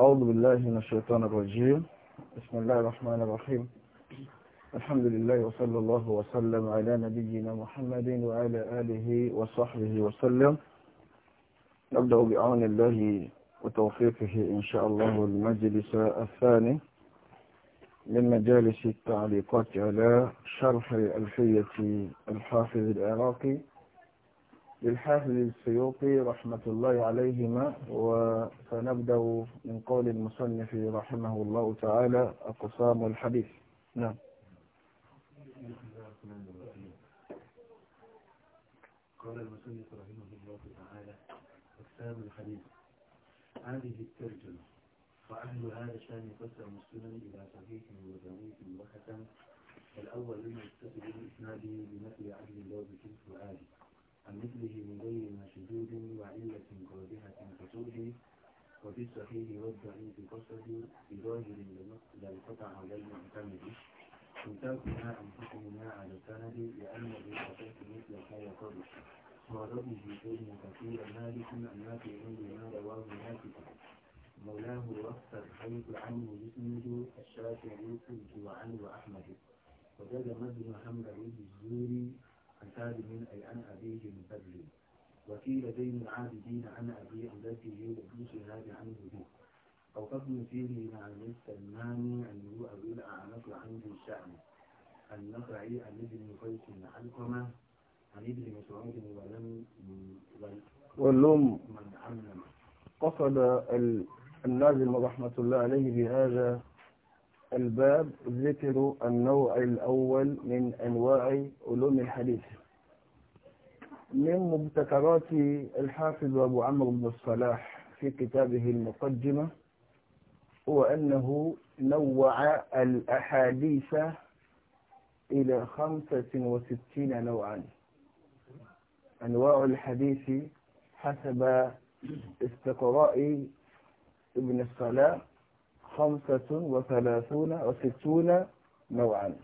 أعوذ بالله من الشيطان الرجيم بسم الله الرحمن الرحيم الحمد لله وصلى الله وسلم على نبينا محمد وعلى آله وصحبه وسلم نبدأ بعون الله وتوفيقه إن شاء الله المجلس الثاني من مجالس التعليقات على شرح الألفية الحافظ العراقي للحافظ السيوطي رحمة الله عليهما وسنبدأ من قول المصنف رحمه الله تعالى أقسام الحديث نعم قال المصنف رحمه الله تعالى أقسام الحديث هذه الترجمة وأهل هذا الشان قسم السنن إلى صحيح وضعيف وختم الأول لما يتصل بإسناده بنفي عدل الله بكل فؤاده عن مثله من غير مشدود وعلة قادحة فتوحي وفي الصحيح والضعيف قصد بظاهر لا انقطع من المعتمد انتهكنا انفسنا على السند لان بالحقيقه مثل ما يقول وردده ابن كثير مالك في النافع ما رواه مالك مولاه وفد حيث عنه يسند الشافعي وعنه احمد وزاد مد محمد الزوري سالم أي عن أبيه مبرر وقيل دين العابدين عن أبي عبده وبيشهاد عنه به أو فضل فيه مع السلمان أن يؤول أعنف عنه الشأن النخعي عن ابن قيس علقمة عن ابن مسعود ولم ولم من علم قصد النازل رحمة الله عليه بهذا الباب ذكر النوع الأول من أنواع علوم الحديث من مبتكرات الحافظ أبو عمرو بن الصلاح في كتابه المقدمة هو أنه نوع الأحاديث إلى خمسة وستين نوعا أنواع الحديث حسب استقراء ابن الصلاح خمسة وثلاثون وستون نوعا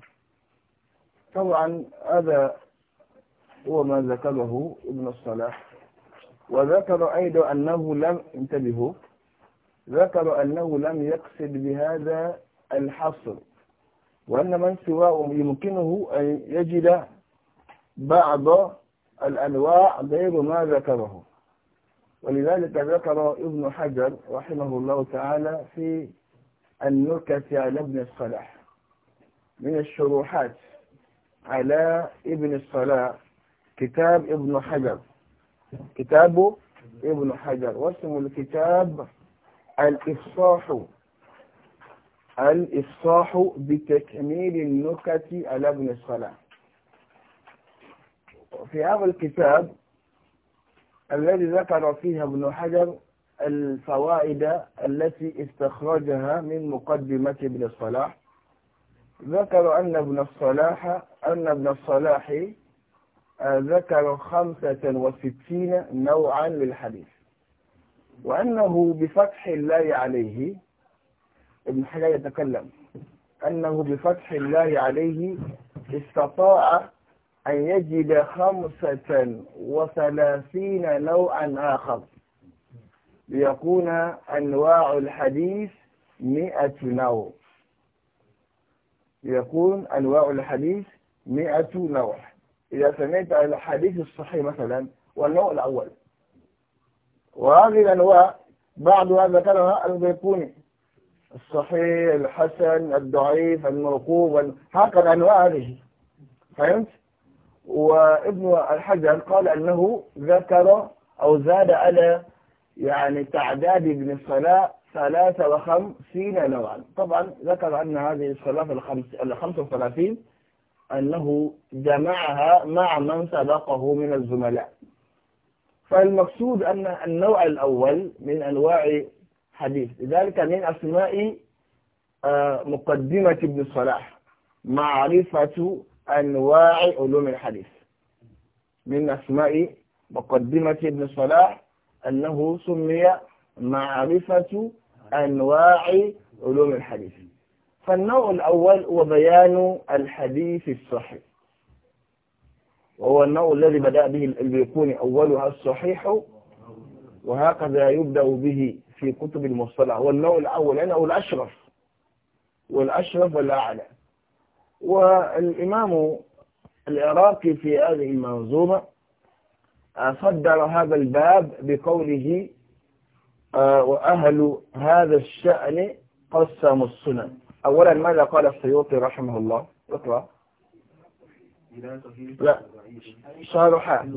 طبعا هذا هو ما ذكره ابن الصلاح وذكر أيضا أنه لم انتبهوا ذكر أنه لم يقصد بهذا الحصر وأن من سواه يمكنه أن يجد بعض الأنواع غير ما ذكره ولذلك ذكر ابن حجر رحمه الله تعالى في النكت على ابن الصلاح من الشروحات على ابن الصلاح كتاب ابن حجر كتابه ابن حجر واسم الكتاب الإفصاح الإفصاح بتكميل النكت على ابن الصلاح في هذا الكتاب الذي ذكر فيه ابن حجر الفوائد التي استخرجها من مقدمة ابن الصلاح ذكر أن ابن الصلاح أن ابن الصلاح آه، ذكر خمسة وستين نوعا للحديث وأنه بفتح الله عليه ابن حجر يتكلم أنه بفتح الله عليه استطاع أن يجد خمسة وثلاثين نوعا آخر ليكون أنواع الحديث مئة نوع يكون أنواع الحديث مئة نوع إذا سمعت الحديث الصحيح مثلا والنوع الأول وهذه الأنواع بعضها ذكرها البيكوني الصحيح الحسن الضعيف المرقوب هكذا أنواع هذه فهمت؟ وابن الحجر قال أنه ذكر أو زاد على يعني تعداد ابن الصلاة ثلاثة وخمسين نوعا طبعا ذكر أن هذه الصلاة الخمس الخمس وثلاثين أنه جمعها مع من سبقه من الزملاء فالمقصود أن النوع الأول من أنواع حديث لذلك من أسماء آه، مقدمة ابن الصلاح معرفة أنواع علوم الحديث من أسماء مقدمة ابن الصلاح أنه سمي معرفة أنواع علوم الحديث فالنوع الأول هو بيان الحديث الصحيح وهو النوع الذي بدأ به البيقوني أولها الصحيح وهكذا يبدأ به في كتب المصطلح هو النوع الأول لأنه يعني الأشرف والأشرف والأعلى والإمام العراقي في هذه المنظومة صدر هذا الباب بقوله آه، وأهل هذا الشأن قسموا السنن أولا ماذا قال السيوطي رحمه الله اقرأ لا شارحا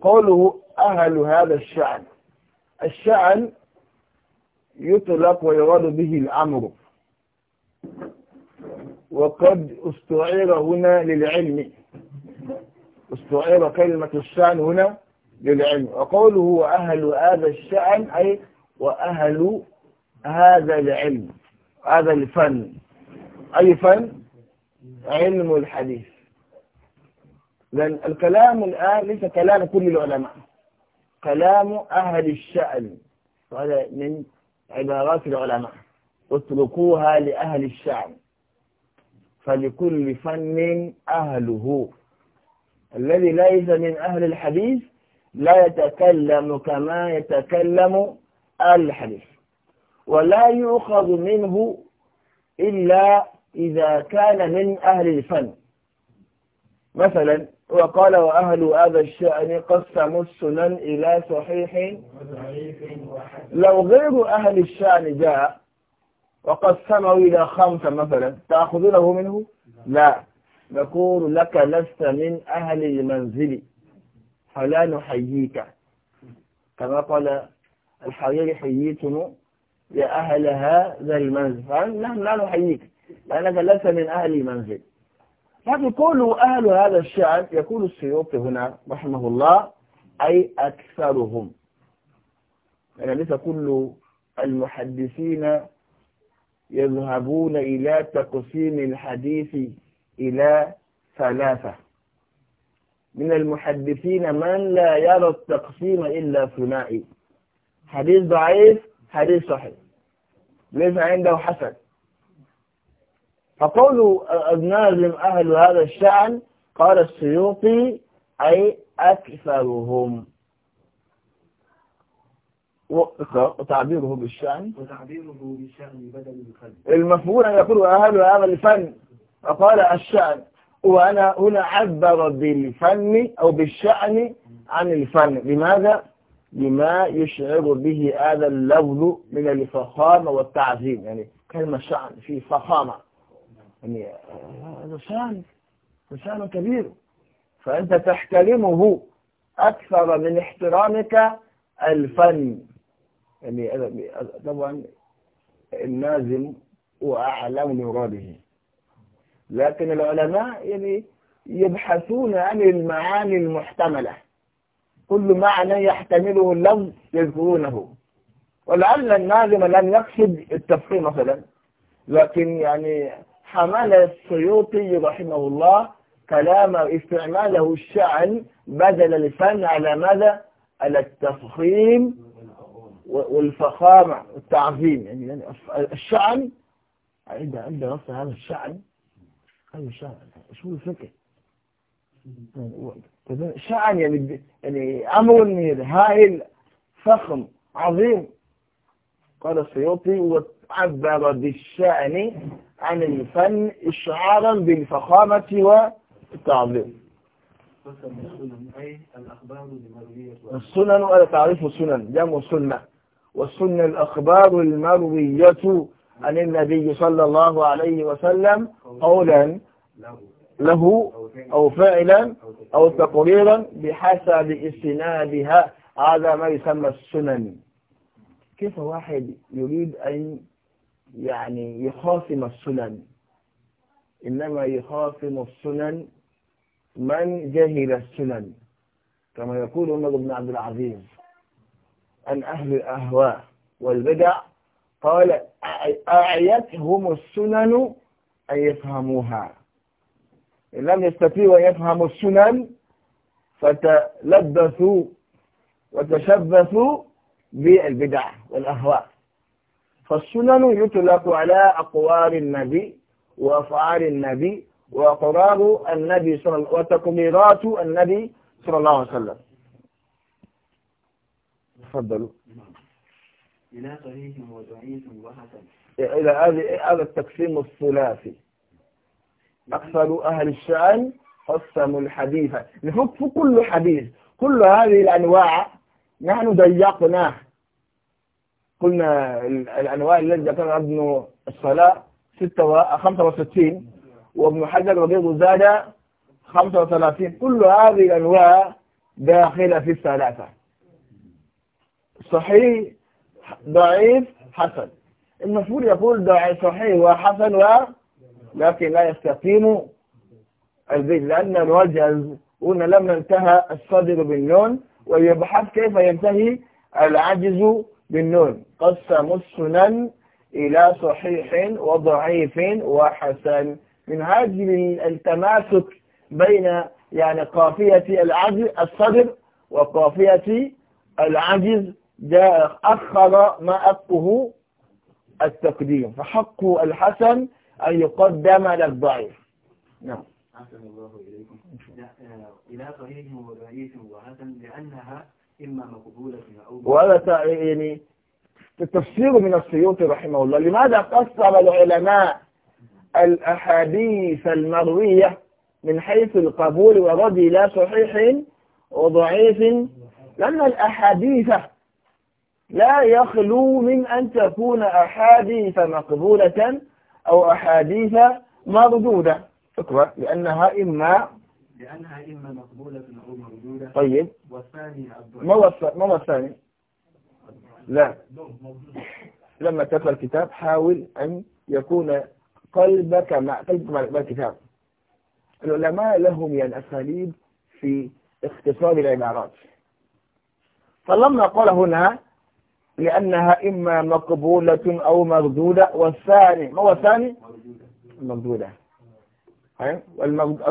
قوله أهل هذا الشأن الشأن يطلق ويراد به الأمر وقد استعير هنا للعلم استعير كلمة الشأن هنا للعلم وقوله وأهل هذا الشأن أي وأهل هذا العلم هذا الفن أي فن علم الحديث لأن الكلام الآن ليس كلام كل العلماء كلام أهل الشأن هذا من عبارات العلماء اتركوها لأهل الشأن فلكل فن أهله الذي ليس من أهل الحديث لا يتكلم كما يتكلم أهل الحديث ولا يؤخذ منه إلا إذا كان من أهل الفن مثلا وقال وأهل هذا الشأن قسموا السنن إلى صحيح لو غير أهل الشأن جاء وقسمه إلى خمسة مثلا تأخذونه منه لا نقول لك لست من أهل المنزل فلا نحييك كما قال الحرير حييتم يا أهل هذا المنزل فنحن لا نحييك لأنك لست من أهل المنزل لكن كل أهل هذا الشعب يقول السيوطي هنا رحمه الله أي أكثرهم يعني ليس كل المحدثين يذهبون إلى تقسيم الحديث إلى ثلاثة من المحدثين من لا يرى التقسيم إلا ثنائي حديث ضعيف حديث صحيح ليس عنده حسن فقول الناظم أهل هذا الشأن قال السيوطي أي أكثرهم وتعبيره بالشأن وتعبيره بالشأن بدل الفن المفهوم أن يقول أهل هذا الفن فقال الشأن وأنا هنا عبر بالفن أو بالشأن عن الفن لماذا؟ لما يشعر به هذا اللفظ من الفخامة والتعظيم يعني كلمة شأن في فخامة يعني آه، هذا شأن شأن كبير فأنت تحترمه أكثر من احترامك الفن يعني طبعا النازم وأعلم مراده لكن العلماء يعني يبحثون عن المعاني المحتملة كل معنى يحتمله اللفظ يذكرونه ولعل الناظم لم يقصد التفخيم مثلا لكن يعني حمل السيوطي رحمه الله كلام استعماله الشعن بدل الفن على ماذا؟ على التفخيم والفخامة والتعظيم يعني الشعن عند عند نص هذا الشعن أي شعن شو الفكر طيب، شعن يعني يعني أمر هائل فخم عظيم قال السيوطي وعبر بالشأن عن الفن إشعارا بالفخامة والتعظيم السنن ولا تعرف السنن جمع سنة والسنة الأخبار المروية عن النبي صلى الله عليه وسلم قولا له أو فعلا أو تقريرا بحسب استنادها هذا ما يسمى السنن كيف واحد يريد أن يعني يخاصم السنن إنما يخاصم السنن من جهل السنن كما يقول عمر بن عبد العزيز عن أهل الأهواء والبدع قال أعيتهم السنن أن يفهموها إن لم يستطيعوا أن يفهموا السنن فتلبثوا وتشبثوا بالبدع والأهواء فالسنن يطلق على أقوال النبي وأفعال النبي وأقرار النبي صلى الله وتكبيرات النبي صلى الله عليه وسلم تفضلوا إلى صحيح وضعيف وحسن إيه، إلى هذا التقسيم الثلاثي نعم. أكثر أهل الشأن قسموا الحديث نفك كل حديث كل هذه الأنواع نحن ضيقناه قلنا الأنواع التي ذكرها ابن الصلاة 65 وابن حجر وبيض زاد 35 كل هذه الأنواع داخلة في الثلاثة صحيح ضعيف حسن المفروض يقول ضعيف صحيح وحسن و لكن لا يستقيم البيت لأن الوجز قلنا لما انتهى الصدر بالنون ويبحث كيف ينتهي العجز بالنون قسم السنن إلى صحيح وضعيف وحسن من هذه التماسك بين يعني قافية العجز الصدر وقافية العجز جاء أخر ما حقه التقديم فحق الحسن أن يقدم للضعيف نعم حسن الله إليكم إلى صحيح وضعيف وحسن لأنها إما مقبولة أو وهذا يعني التفسير من السيوطي رحمه الله لماذا قصر العلماء الأحاديث المروية من حيث القبول ورد إلى صحيح وضعيف لأن الأحاديث لا يخلو من أن تكون أحاديث مقبولة أو أحاديث مردودة شكرا لأنها إما لأنها إما مقبولة أو مردودة طيب والثاني ما ما هو الثاني؟ لا لما تقرأ الكتاب حاول أن يكون قلبك مع قلبك مع الكتاب العلماء لهم يعني أساليب في اختصار العبارات فلما قال هنا لأنها إما مقبولة أو مردودة والثاني ما هو الثاني مردودة أيوة.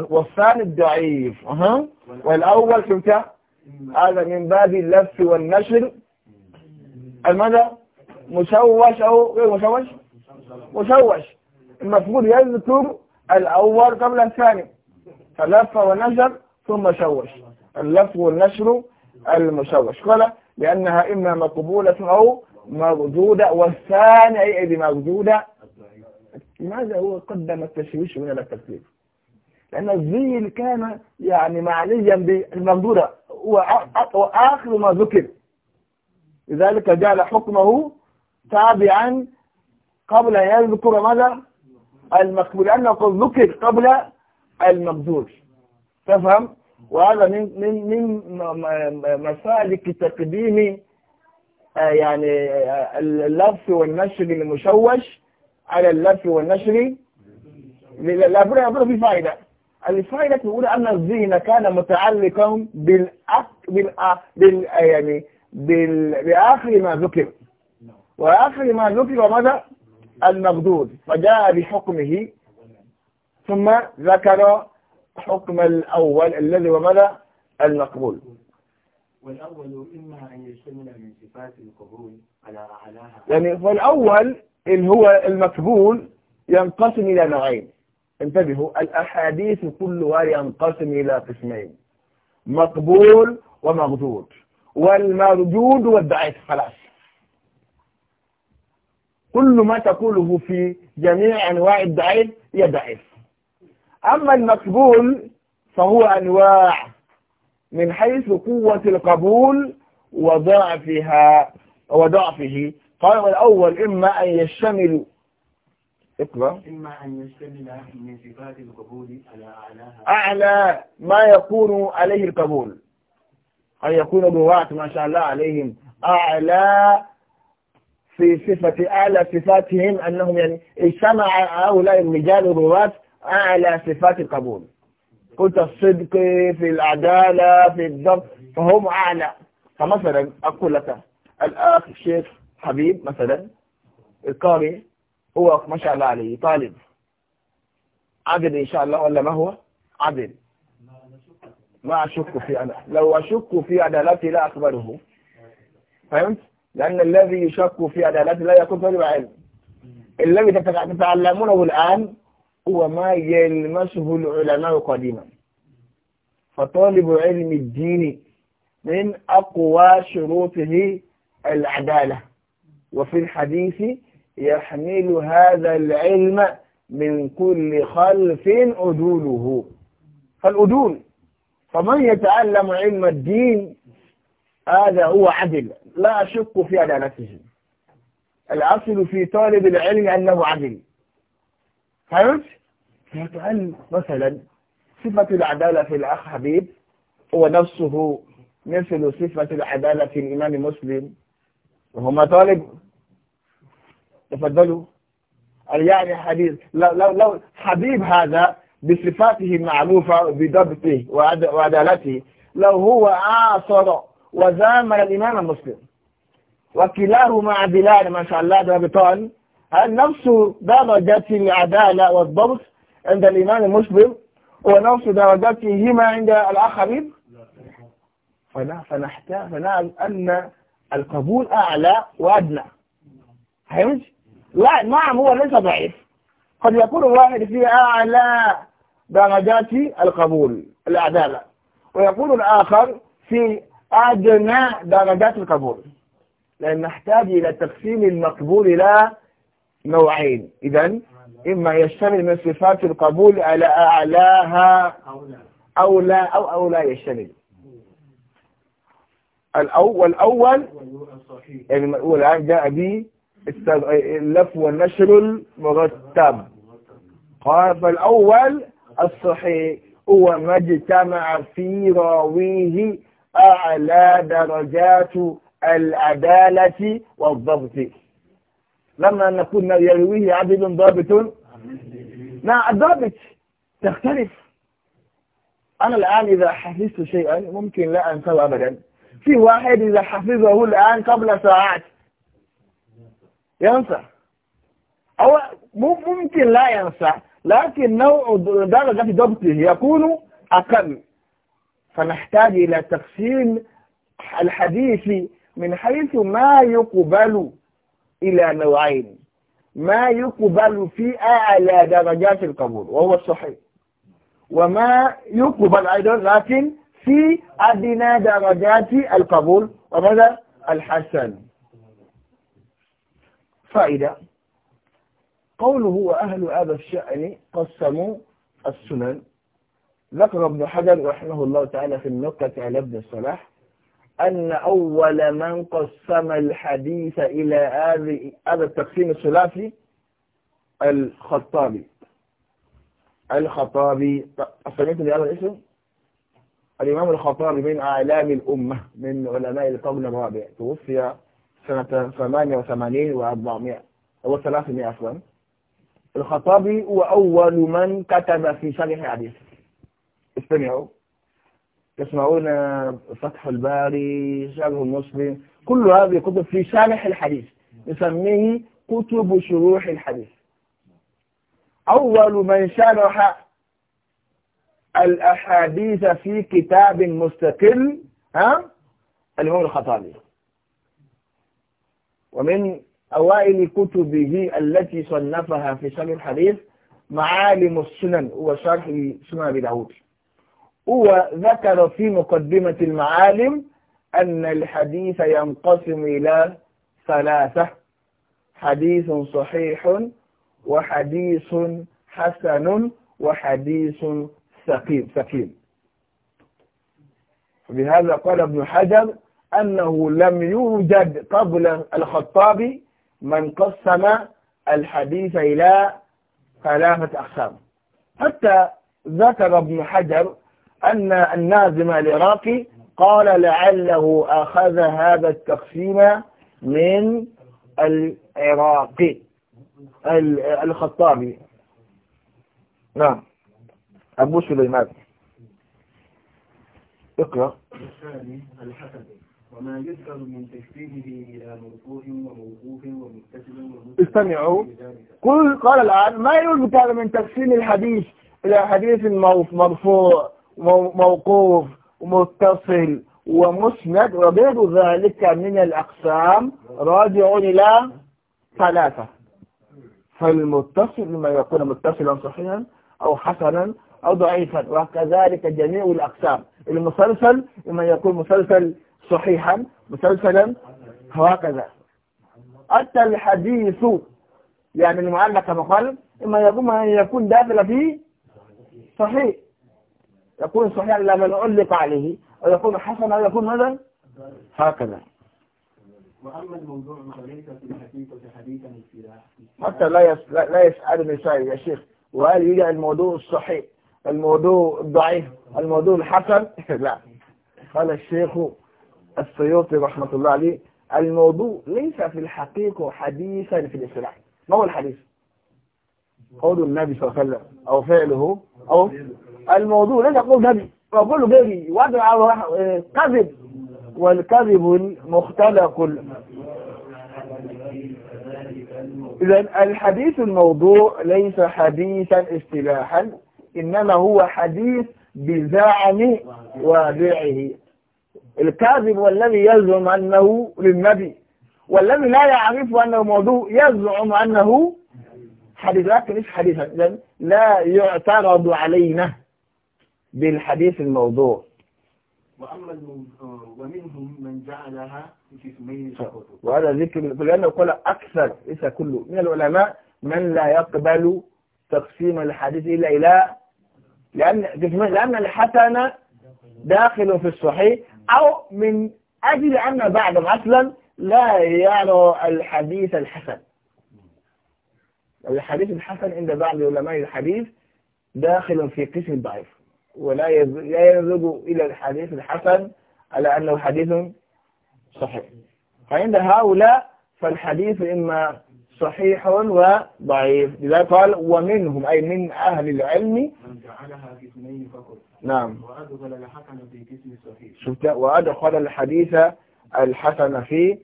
والثاني الضعيف أه. والأول فهمت هذا من باب اللف والنشر المدى مشوش أو غير مشوش مشوش المفروض يذكر الأول قبل الثاني فلف ونشر ثم شوش اللف والنشر المشوش قال لأنها إما مقبولة أو مردودة والثاني أي أيدي مردودة لماذا هو قدم التشويش من الترتيب لأن الزين كان يعني معليا بالمردودة وآخر ما ذكر لذلك جعل حكمه تابعا قبل أن يذكر ماذا المقبول لأنه قد ذكر قبل المقدور تفهم وهذا من من من مسالك تقديم آه، يعني آه، اللف والنشر المشوش على اللف والنشر لابد في فائدة الفائدة تقول أن الذهن كان متعلقا بالأك بالأ بال آه، يعني بال بآخر ما ذكر وآخر ما ذكر ماذا؟ المقدود فجاء بحكمه ثم ذكر حكم الأول الذي ومدى المقبول والأول إما أن يشتمل من صفات القبول على أعلاها يعني فالأول اللي هو المقبول ينقسم إلى نوعين انتبهوا الأحاديث كلها ينقسم إلى قسمين مقبول ومردود والمردود والضعيف خلاص كل ما تقوله في جميع أنواع الضعيف هي ضعيف أما المقبول فهو أنواع من حيث قوة القبول وضعفها وضعفه قال الأول إما أن يشتمل اقرأ إما أن يشتمل من صفات القبول على أعلاها أعلى ما يكون عليه القبول أن يكون الرواة ما شاء الله عليهم أعلى في صفة أعلى صفاتهم أنهم يعني اجتمع هؤلاء الرجال الرواة أعلى صفات القبول قلت الصدق في العدالة في الضبط فهم أعلى فمثلا أقول لك الأخ الشيخ حبيب مثلا القارئ هو ما شاء الله عليه طالب عدل إن شاء الله ولا ما هو عدل ما أشك في أنا لو أشك في عدالتي لا أقبله فهمت؟ لأن الذي يشك في عدالته لا يكون طالب علم الذي تتعلمونه الآن هو ما يلمسه العلماء قديما فطالب علم الدين من أقوى شروطه العدالة وفي الحديث يحمل هذا العلم من كل خلف أدوله فالأدول فمن يتعلم علم الدين هذا هو عدل لا أشك في عدالته الأصل في طالب العلم أنه عدل فهمت؟ فهل مثلا صفة العدالة في الأخ حبيب هو نفسه مثل صفة العدالة في الإمام مسلم وهما طالب تفضلوا يعني حديث لو, لو, لو حبيب هذا بصفاته المعروفة بضبطه وعدالته لو هو عاصر وزامل الإمام مسلم وكلاهما عدلان ما شاء الله ضابطان هل نفس درجة العدالة والضبط عند الإمام المسلم ونفس درجاتهما عند الآخرين فلا فنحتاج فنعلم أن القبول أعلى وأدنى فهمت؟ لا نعم هو ليس ضعيف قد يكون الواحد في أعلى درجات القبول العدالة ويقول الآخر في أدنى درجات القبول لأن نحتاج إلى تقسيم المقبول إلى نوعين إذا إما يشتمل من صفات القبول على أعلاها أو لا أو أو لا يشتمل الأول الأول يعني الآن جاء به اللف والنشر المرتب قال فالأول الصحيح هو ما اجتمع في راويه أعلى درجات العدالة والضبط لما نقول يرويه عدل ضابط مع الضابط تختلف أنا الآن إذا حفظت شيئا ممكن لا أنساه أبدا في واحد إذا حفظه الآن قبل ساعات ينسى أو ممكن لا ينسى لكن نوع درجة ضبطه يكون أقل فنحتاج إلى تقسيم الحديث من حيث ما يقبل إلى نوعين ما يقبل في أعلى درجات القبول وهو الصحيح وما يقبل أيضا لكن في أدنى درجات القبول وماذا الحسن فائدة قوله وأهل هذا الشأن قسموا السنن ذكر ابن حجر رحمه الله تعالى في النقطة على ابن الصلاح أن أول من قسم الحديث إلى هذا التقسيم الثلاثي الخطابي الخطابي سمعت بهذا الاسم الإمام الخطابي من أعلام الأمة من علماء القرن الرابع توفي سنة 88 و400 هو 300 عفوا الخطابي هو أول من كتب في شرح الحديث استمعوا تسمعون فتح الباري شرح المسلم كل هذه كتب في شارح الحديث نسميه كتب شروح الحديث أول من شرح الأحاديث في كتاب مستقل ها الإمام الخطابي ومن أوائل كتبه التي صنفها في شرح الحديث معالم السنن هو شرح سنن أبي داود هو ذكر في مقدمة المعالم أن الحديث ينقسم إلى ثلاثة حديث صحيح وحديث حسن وحديث ثقيل ثقيل بهذا قال ابن حجر أنه لم يوجد قبل الخطابي من قسم الحديث إلى ثلاثة أقسام حتى ذكر ابن حجر أن النازم العراقي قال لعله أخذ هذا التقسيم من العراقي الخطابي نعم أبو سليمان اقرأ الثاني الحسبي وما يذكر من تشبيهه إلى مرفوع وموقوف ومتصل استمعوا قل قال الآن ما يذكر من تقسيم الحديث إلى حديث مرفوع موقوف ومتصل ومسند وغير ذلك من الأقسام راجع إلى ثلاثة فالمتصل لما يكون متصلا صحيحا أو حسنا أو ضعيفا وكذلك جميع الأقسام المسلسل لما يكون مسلسل صحيحا مسلسلا وهكذا حتى الحديث يعني المعلق مخالف إما يكون ما يكون داخل في صحيح يكون صحيحا لا من علق عليه أو يكون حسنا أو يكون ماذا هكذا وأما الموضوع فليس في الحقيقة حديثا اصطلاحا حتى لا لا يسألني سائل يا شيخ وهل يجعل الموضوع الصحيح الموضوع الضعيف الموضوع الحسن لا قال الشيخ السيوطي رحمة الله عليه الموضوع ليس في الحقيقة حديثا في الاصطلاح ما هو الحديث قول النبي صلى الله عليه وسلم أو فعله أو الموضوع لا تقول نبي وكل غيري وضع آه، كذب والكذب مختلق إذا الحديث الموضوع ليس حديثا اصطلاحا إنما هو حديث بزعم وابعه الكاذب والذي يزعم أنه للنبي والذي لا يعرف أنه موضوع يزعم أنه حديث لكن مش حديثا لا يعترض علينا بالحديث الموضوع وأما ومنهم من جعلها في فقط وهذا ذكر لأنه قال أكثر ليس كله من العلماء من لا يقبل تقسيم الحديث إلا إلى لأن لأن الحسن داخل في الصحيح أو من أجل أن بعضهم أصلا لا يرى الحديث الحسن الحديث الحسن عند بعض علماء الحديث داخل في قسم ضعيف ولا لا ينظر إلى الحديث الحسن على أنه حديث صحيح فعند هؤلاء فالحديث إما صحيح وضعيف لذلك قال ومنهم أي من أهل العلم من جعلها فقط نعم وأدخل الحسن في قسم الصحيح شفت وأدخل الحديث الحسن في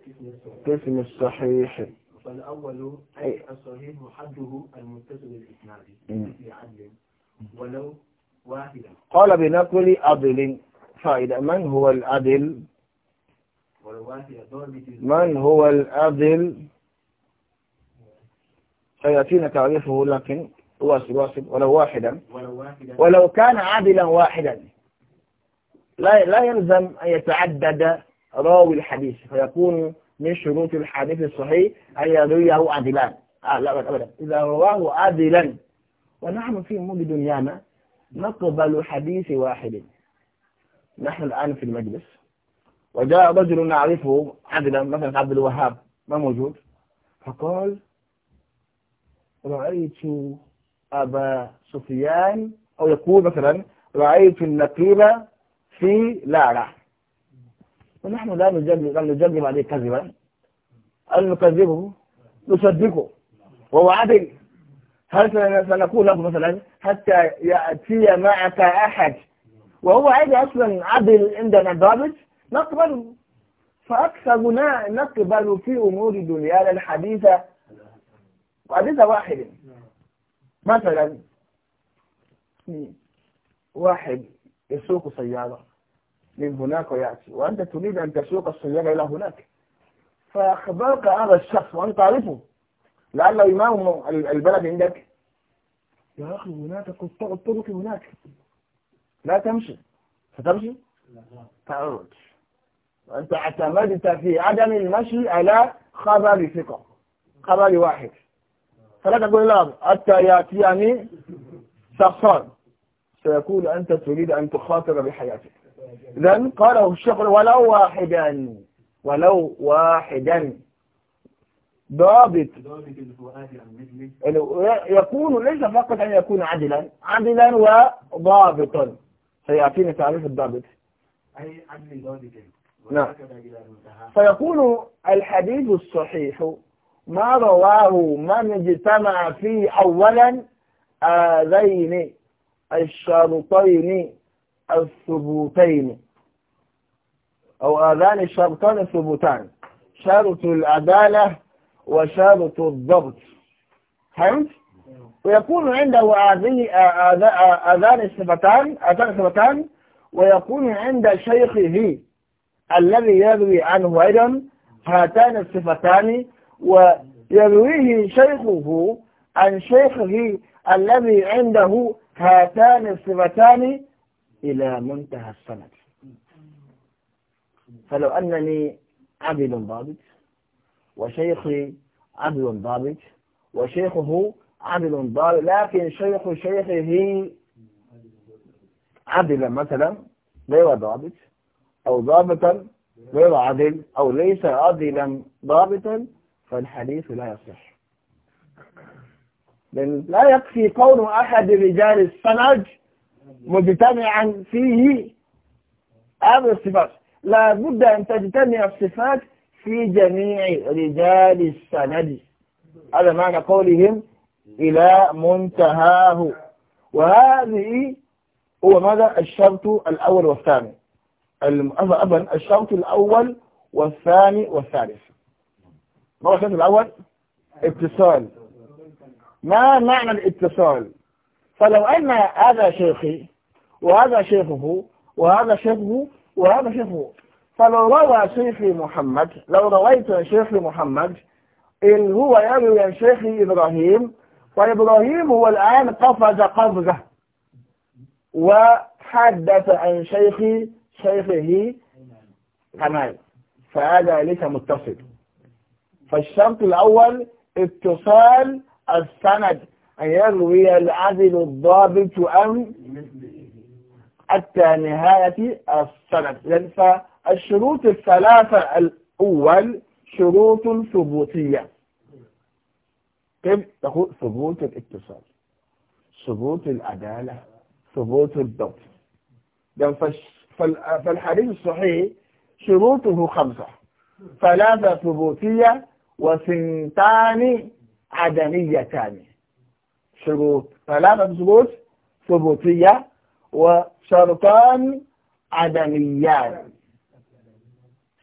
قسم الصحيح فالأول أي الصحيح حده المتصل الإسنادي في عدل ولو قال بنقل عدل فائدة من هو العدل من هو العدل سيأتينا تعريفه لكن واسب واسب ولو واحدا ولو كان عادلا واحدا لا لا يلزم أن يتعدد راوي الحديث فيكون من شروط الحديث الصحيح أن يرويه عدلا آه لا أبدا إذا رواه عادلا ونحن في مولد ياما نقبل حديث واحد نحن الآن في المجلس وجاء رجل نعرفه عدلا مثلا عبد الوهاب ما موجود فقال رأيت أبا سفيان أو يقول مثلا رأيت النقيب في لا ونحن لا نجرب لا نجرب عليه كذبا أن نكذبه نصدقه وهو عدل هل سنقول له مثلا حتى يأتي معك أحد وهو عادي أصلا عدل عندنا ضابط نقبله فأكثرنا نقبل في أمور الدنيا الحديثة حديث واحد مثلا واحد يسوق سيارة من هناك ويأتي وأنت تريد أن تسوق السيارة إلى هناك فأخبرك هذا الشخص وأنت تعرفه لعل إمام البلد عندك يا أخي هناك قطاع الطرق هناك لا تمشي ستمشي تعود وأنت اعتمدت في عدم المشي على خبر ثقة خبر واحد فلا تقول لا حتى يأتيني شخصان سيقول أنت تريد أن تخاطر بحياتك إذن قاله الشيخ ولو واحدا ولو واحدا ضابط يعني يكون ليس فقط أن يكون عدلا عدلا وضابطا سيعطيني تعريف الضابط أي عدل ضابط نعم فيكون الحديث الصحيح ما رواه من اجتمع فيه أولا هذين الشرطين الثبوتين أو هذان الشرطان الثبوتان شرط العدالة وشرط الضبط فهمت؟ ويكون عنده هذه آذان الصفتان آذان الصفتان ويكون عند شيخه الذي يروي عنه أيضا هاتان الصفتان ويرويه شيخه عن شيخه الذي عنده هاتان الصفتان إلى منتهى السند فلو أنني عبد ضابط وشيخي عبد ضابط وشيخه عبد ضابط لكن شيخ شيخه عدل مثلا غير ضابط أو ضابطا غير عدل أو ليس عدلا ضابطا فالحديث لا يصح لأن لا يكفي كون أحد رجال السنج مجتمعا فيه هذه الصفات لا بد أن تجتمع الصفات في جميع رجال السند هذا معنى قولهم إلى منتهاه وهذه هو ماذا الشرط الأول والثاني أبا الشرط الأول والثاني والثالث ما هو الشرط الأول اتصال ما معنى الاتصال فلو أن هذا شيخي وهذا شيخه وهذا شيخه وهذا شيخه فلو روى شيخي محمد لو رويت عن شيخي محمد إن هو يروي عن شيخي إبراهيم وإبراهيم هو الآن قفز قفزة وحدث عن شيخي شيخه كمال فهذا ليس متصل فالشرط الأول اتصال السند أن يروي العدل الضابط أم حتى نهاية السند الشروط الثلاثة الأول شروط ثبوتية كيف تقول ثبوت الاتصال ثبوت العدالة ثبوت الضبط فالحديث الصحيح شروطه خمسة ثلاثة ثبوتية وثنتان عدميتان شروط ثلاثة ثبوت ثبوتية وشرطان عدميان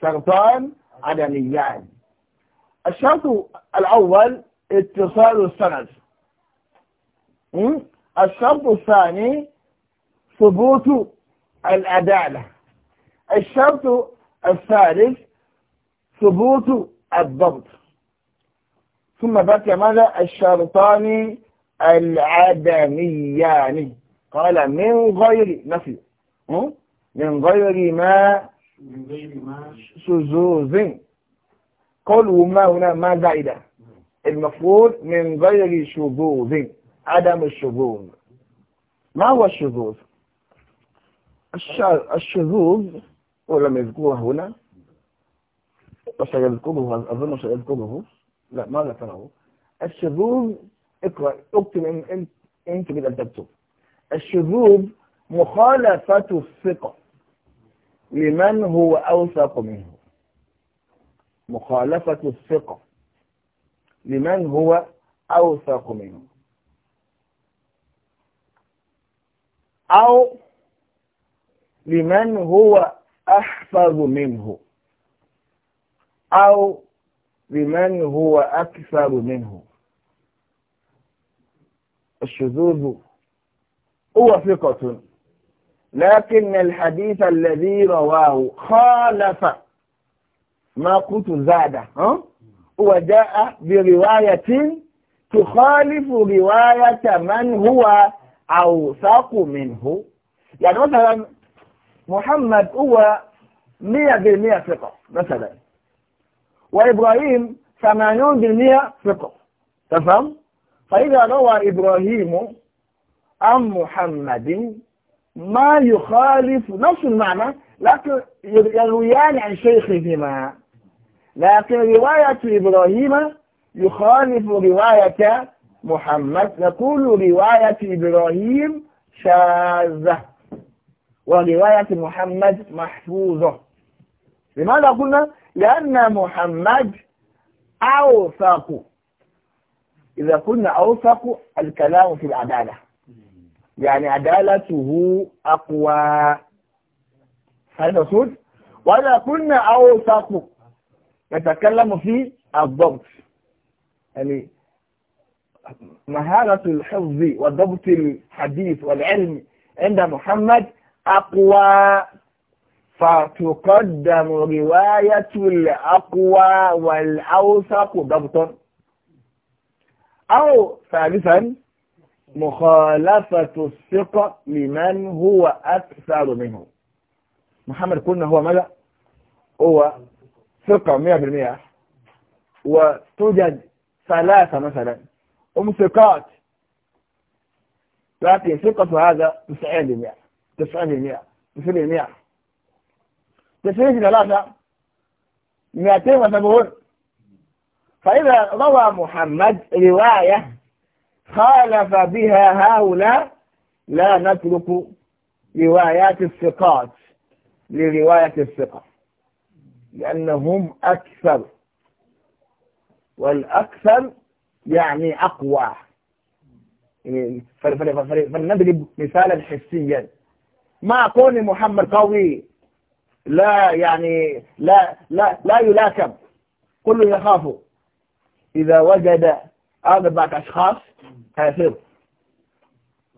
شرطان عدميان الشرط الأول اتصال السند الشرط الثاني ثبوت العدالة الشرط الثالث ثبوت الضبط ثم بقي ماذا الشرطان العدميان قال من غير نفي من غير ما من غير ما شذوذ قوله ما هنا ما زائدة المفروض من غير شذوذ عدم الشذوذ ما هو الشذوذ الشذوذ ولم يذكره هنا وسيذكره أظن سيذكره لا ما ذكره الشذوذ اقرأ اكتب انت بدأت تكتب الشذوذ مخالفة الثقة لمن هو أوثق منه مخالفة الثقة لمن هو أوثق منه أو لمن هو أحفظ منه أو لمن هو أكثر منه الشذوذ هو ثقة لكن الحديث الذي رواه خالف ما قلت زاد وجاء برواية تخالف رواية من هو أوثق منه يعني مثلا محمد هو مية بالمية ثقة مثلا وإبراهيم ثمانون بالمية ثقة تفهم؟ فإذا روى إبراهيم عن محمد ما يخالف نفس المعنى لكن يرويان عن شيخهما لكن رواية إبراهيم يخالف رواية محمد نقول رواية إبراهيم شاذة ورواية محمد محفوظة لماذا قلنا؟ لأن محمد أوثق إذا قلنا أوثق الكلام في العدالة يعني عدالته أقوى هذا مقصود وإذا كنا أوثق نتكلم في الضبط يعني مهارة الحفظ وضبط الحديث والعلم عند محمد أقوى فتقدم رواية الأقوى والأوثق ضبطا أو ثالثا مخالفة الثقة لمن هو أكثر منه محمد كنا هو ماذا؟ هو ثقة مئة بالمئة وتوجد ثلاثة مثلا أم ثقات لكن ثقة هذا تسعين بالمئة تسعين بالمئة تسعين بالمئة تسعين ثلاثة مئتين وسبعون فإذا روى محمد رواية خالف بها هؤلاء لا نترك روايات الثقات لرواية الثقة لأنهم أكثر والأكثر يعني أقوى يعني فلنضرب مثالا حسيا ما كون محمد قوي لا يعني لا لا لا يلاكم كل يخاف إذا وجد أربعة أشخاص كثير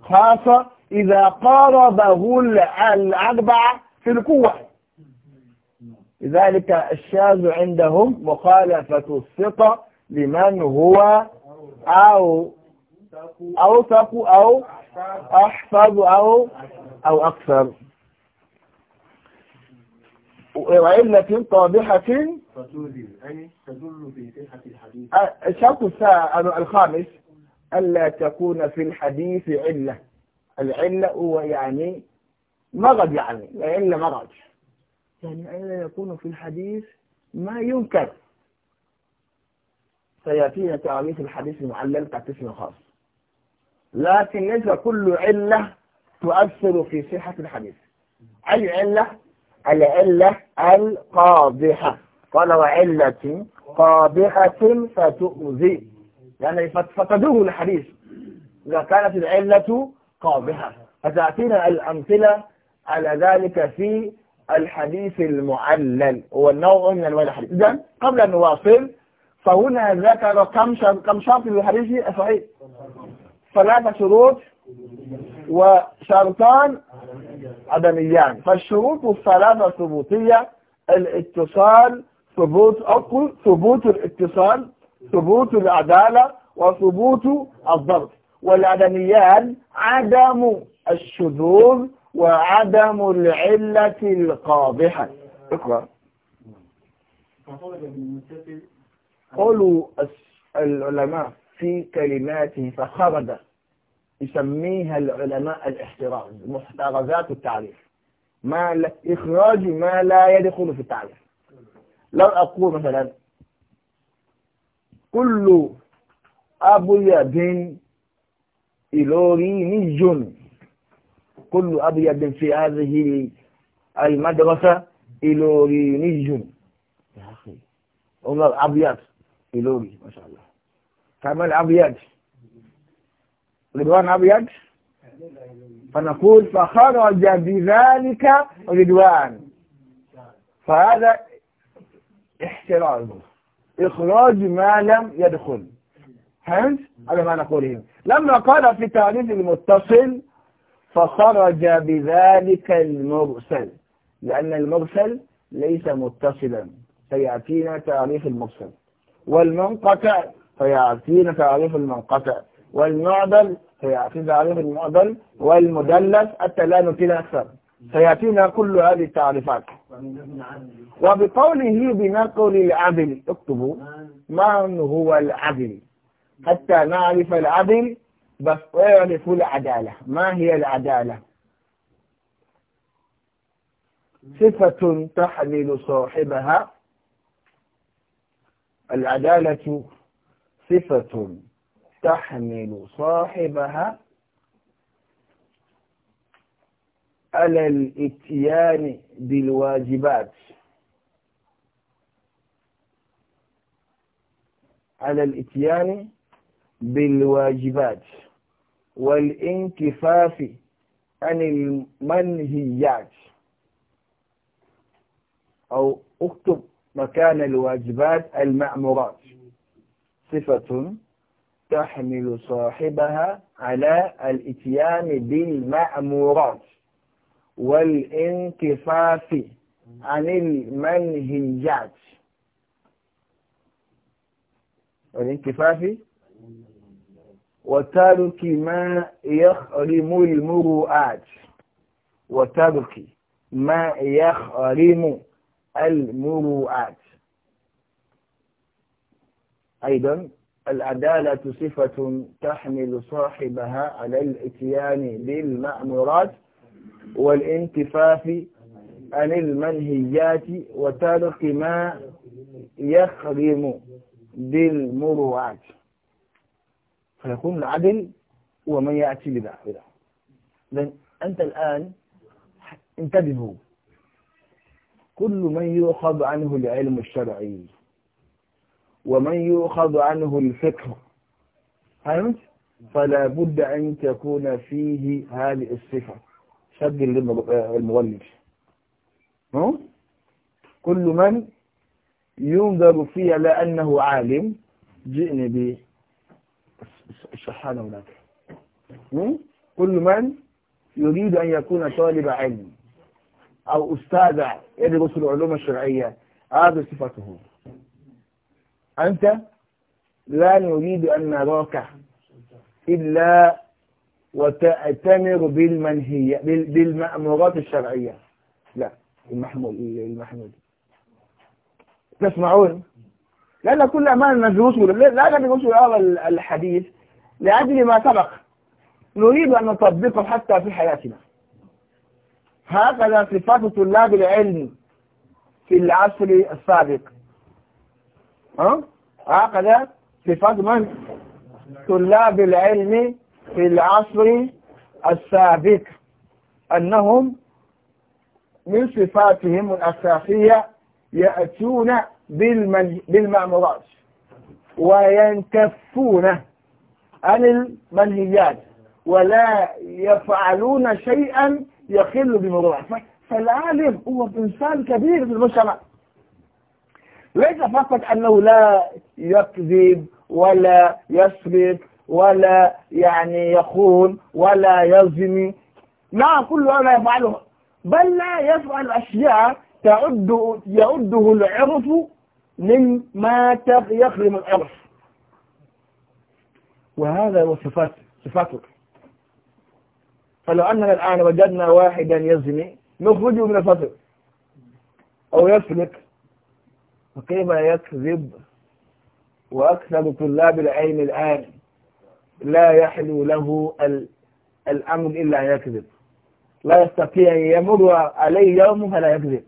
خاصة إذا قاربه الأربعة في القوة لذلك الشاذ عندهم مخالفة الثقة لمن هو أو أوثق أو أحفظ أو أو أكثر وعلة طابحة تدل أي تدل في صحة الحديث آه، الشرط الخامس ألا تكون في الحديث علة العلة هو يعني مرض يعني العلة مرض يعني ألا يكون في الحديث ما ينكر سيأتينا تعريف الحديث المعلل كقسم خاص لكن ليس كل علة تؤثر في صحة الحديث أي علة العلة القابحة قال وعلة قابحة فتؤذي يعني فتدوه الحديث إذا كانت العلة قابحة فتأتينا الأمثلة على ذلك في الحديث المعلل هو النوع من أنواع الحديث إذا قبل أن نواصل فهنا ذكر كم شرط كم شرط للحديث الصحيح ثلاثة شروط وشرطان عدميان فالشروط الثلاثة ثبوتية الاتصال ثبوت أو ثبوت الاتصال ثبوت العدالة وثبوت الضبط والعدميان عدم الشذوذ وعدم العلة القابحة اقرأ قولوا العلماء في كلماته فخرج يسميها العلماء الاحتراز محترزات التعريف ما لا إخراج ما لا يدخل في التعريف لو أقول مثلا كل أبيض إلوريني كل أبيض في هذه المدرسة إلوريني يا أخي أبيض إلوري ما شاء الله كمال أبيض رضوان أبيض فنقول فخرج بذلك رضوان فهذا احتراز إخراج ما لم يدخل فهمت؟ هذا ما نقوله لما قال في تعريف المتصل فخرج بذلك المرسل لأن المرسل ليس متصلا فيأتينا تعريف المرسل والمنقطع فيأتينا تعريف المنقطع والمعضل سيعتد عليه المعضل والمدلس حتى لا نطيل أكثر سيأتينا كل هذه التعريفات وبقوله بنقل العدل اكتبوا من هو العدل حتى نعرف العدل بس اعرف العدالة ما هي العدالة صفة تحمل صاحبها العدالة صفة تحمل صاحبها على الاتيان بالواجبات على الاتيان بالواجبات والانكفاف عن المنهيات أو اكتب مكان الواجبات المأمورات صفة تحمل صاحبها على الاتيان بالمأمورات والانكفاف عن المنهيات والانكفاف وترك ما يخرم المروءات وترك ما يخرم المروءات أيضا العدالة صفة تحمل صاحبها على الاتيان بالمأمورات والانتفاف عن المنهيات وترك ما يخرم بالمروعات فيكون العدل هو من يأتي بذلك لأن أنت الآن انتبهوا كل من يؤخذ عنه العلم الشرعي ومن يؤخذ عنه الفقه فهمت فلا بد أن تكون فيه هذه الصفة سجل للمغلف كل من ينظر فيه لأنه عالم جئنا به الشحانة هناك كل من يريد أن يكون طالب علم أو أستاذ يدرس العلوم الشرعية هذه صفته أنت لا نريد أن نراك إلا وتأتمر بالمنهية بالمأمورات الشرعية لا المحمول المحمول تسمعون لأن كل أمان نجلس لا ندرسه هذا الحديث لأجل ما سبق نريد أن نطبقه حتى في حياتنا هكذا صفات طلاب العلم في العصر السابق ها عقد صفات من طلاب العلم في العصر السابق أنهم من صفاتهم الأساسية يأتون بالمأمورات وينكفون عن المنهيات ولا يفعلون شيئا يخل بمروعه فالعالم هو إنسان كبير في المجتمع ليس فقط أنه لا يكذب ولا يسرق ولا يعني يخون ولا يزني لا كل هذا يفعله بل لا يفعل أشياء تعد يعده العرف مما يخرم العرف وهذا هو صفات صفاته فلو أننا الآن وجدنا واحدا يزني نخرجه من الفتر أو يسرق فكيف يكذب وأكثر طلاب العلم الآن لا يحلو له الأمر إلا أن يكذب لا يستطيع أن يمر عليه يوم فلا يكذب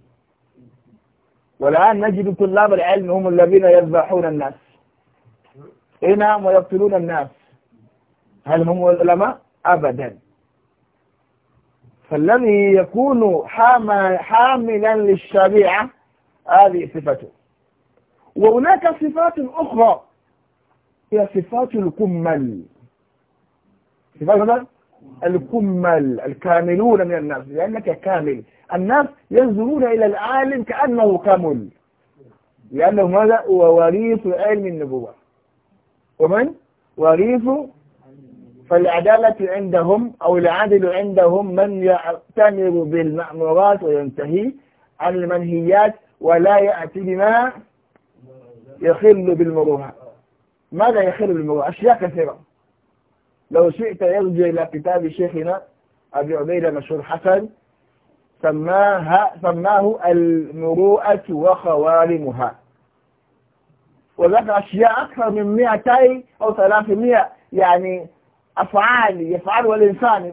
والآن نجد طلاب العلم هم الذين يذبحون الناس هنا ويقتلون الناس هل هم العلماء؟ أبدا فالذي يكون حاملا للشريعة هذه صفته وهناك صفات أخرى هي صفات الكمل صفات ماذا؟ الكمل الكاملون من الناس لأنك كامل الناس ينظرون إلى العالم كأنه كامل لأنه ماذا؟ هو وريث علم النبوة ومن؟ وريث فالعدالة عندهم أو العدل عندهم من يأتمر بالمأمورات وينتهي عن المنهيات ولا يأتي بما يخل بالمروءة ماذا يخل بالمروءة أشياء كثيرة لو شئت يرجع إلى كتاب شيخنا أبي عبيدة مشهور حسن سماها سماه المروءة وخوارمها وذكر أشياء أكثر من 200 أو 300 يعني أفعال يفعلها الإنسان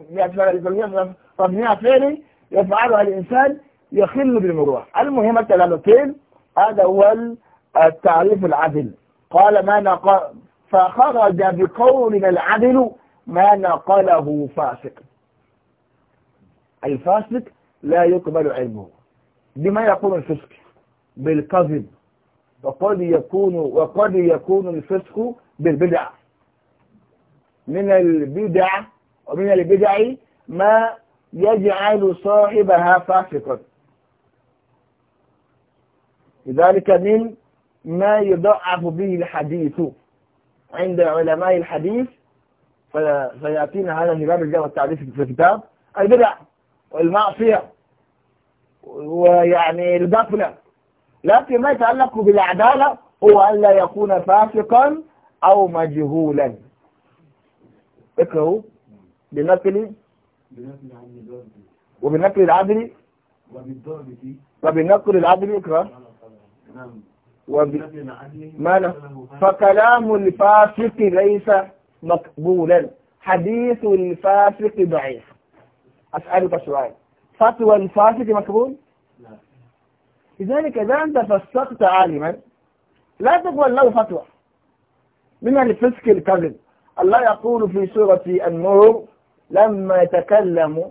300 فعل يفعلها الإنسان يخل بالمروءة المهم الثلاثتين هذا هو التعريف العدل قال ما نقل فخرج بقولنا العدل ما نقله فاسق الفاسق لا يقبل علمه بما يكون الفسق بالكذب وقد يكون وقد يكون الفسق بالبدع من البدع ومن البدع ما يجعل صاحبها فاسقا لذلك من ما يضعف به الحديث عند علماء الحديث فيأتينا هذا الباب الجامع التعريف في الكتاب البدع والمعصية ويعني الغفلة لكن ما يتعلق بالعدالة هو أن لا يكون فاسقا أو مجهولا اقرأوا بنقل وبنقل العدل وبنقل العدل اقرأ نعم ماذا فكلام الفاسق ليس مقبولا حديث الفاسق ضعيف أسألك سؤال فتوى الفاسق مقبول؟ لا لذلك إذا أنت فسقت عالما لا تقبل له فتوى من الفسق الكذب الله يقول في سورة النور لما يتكلم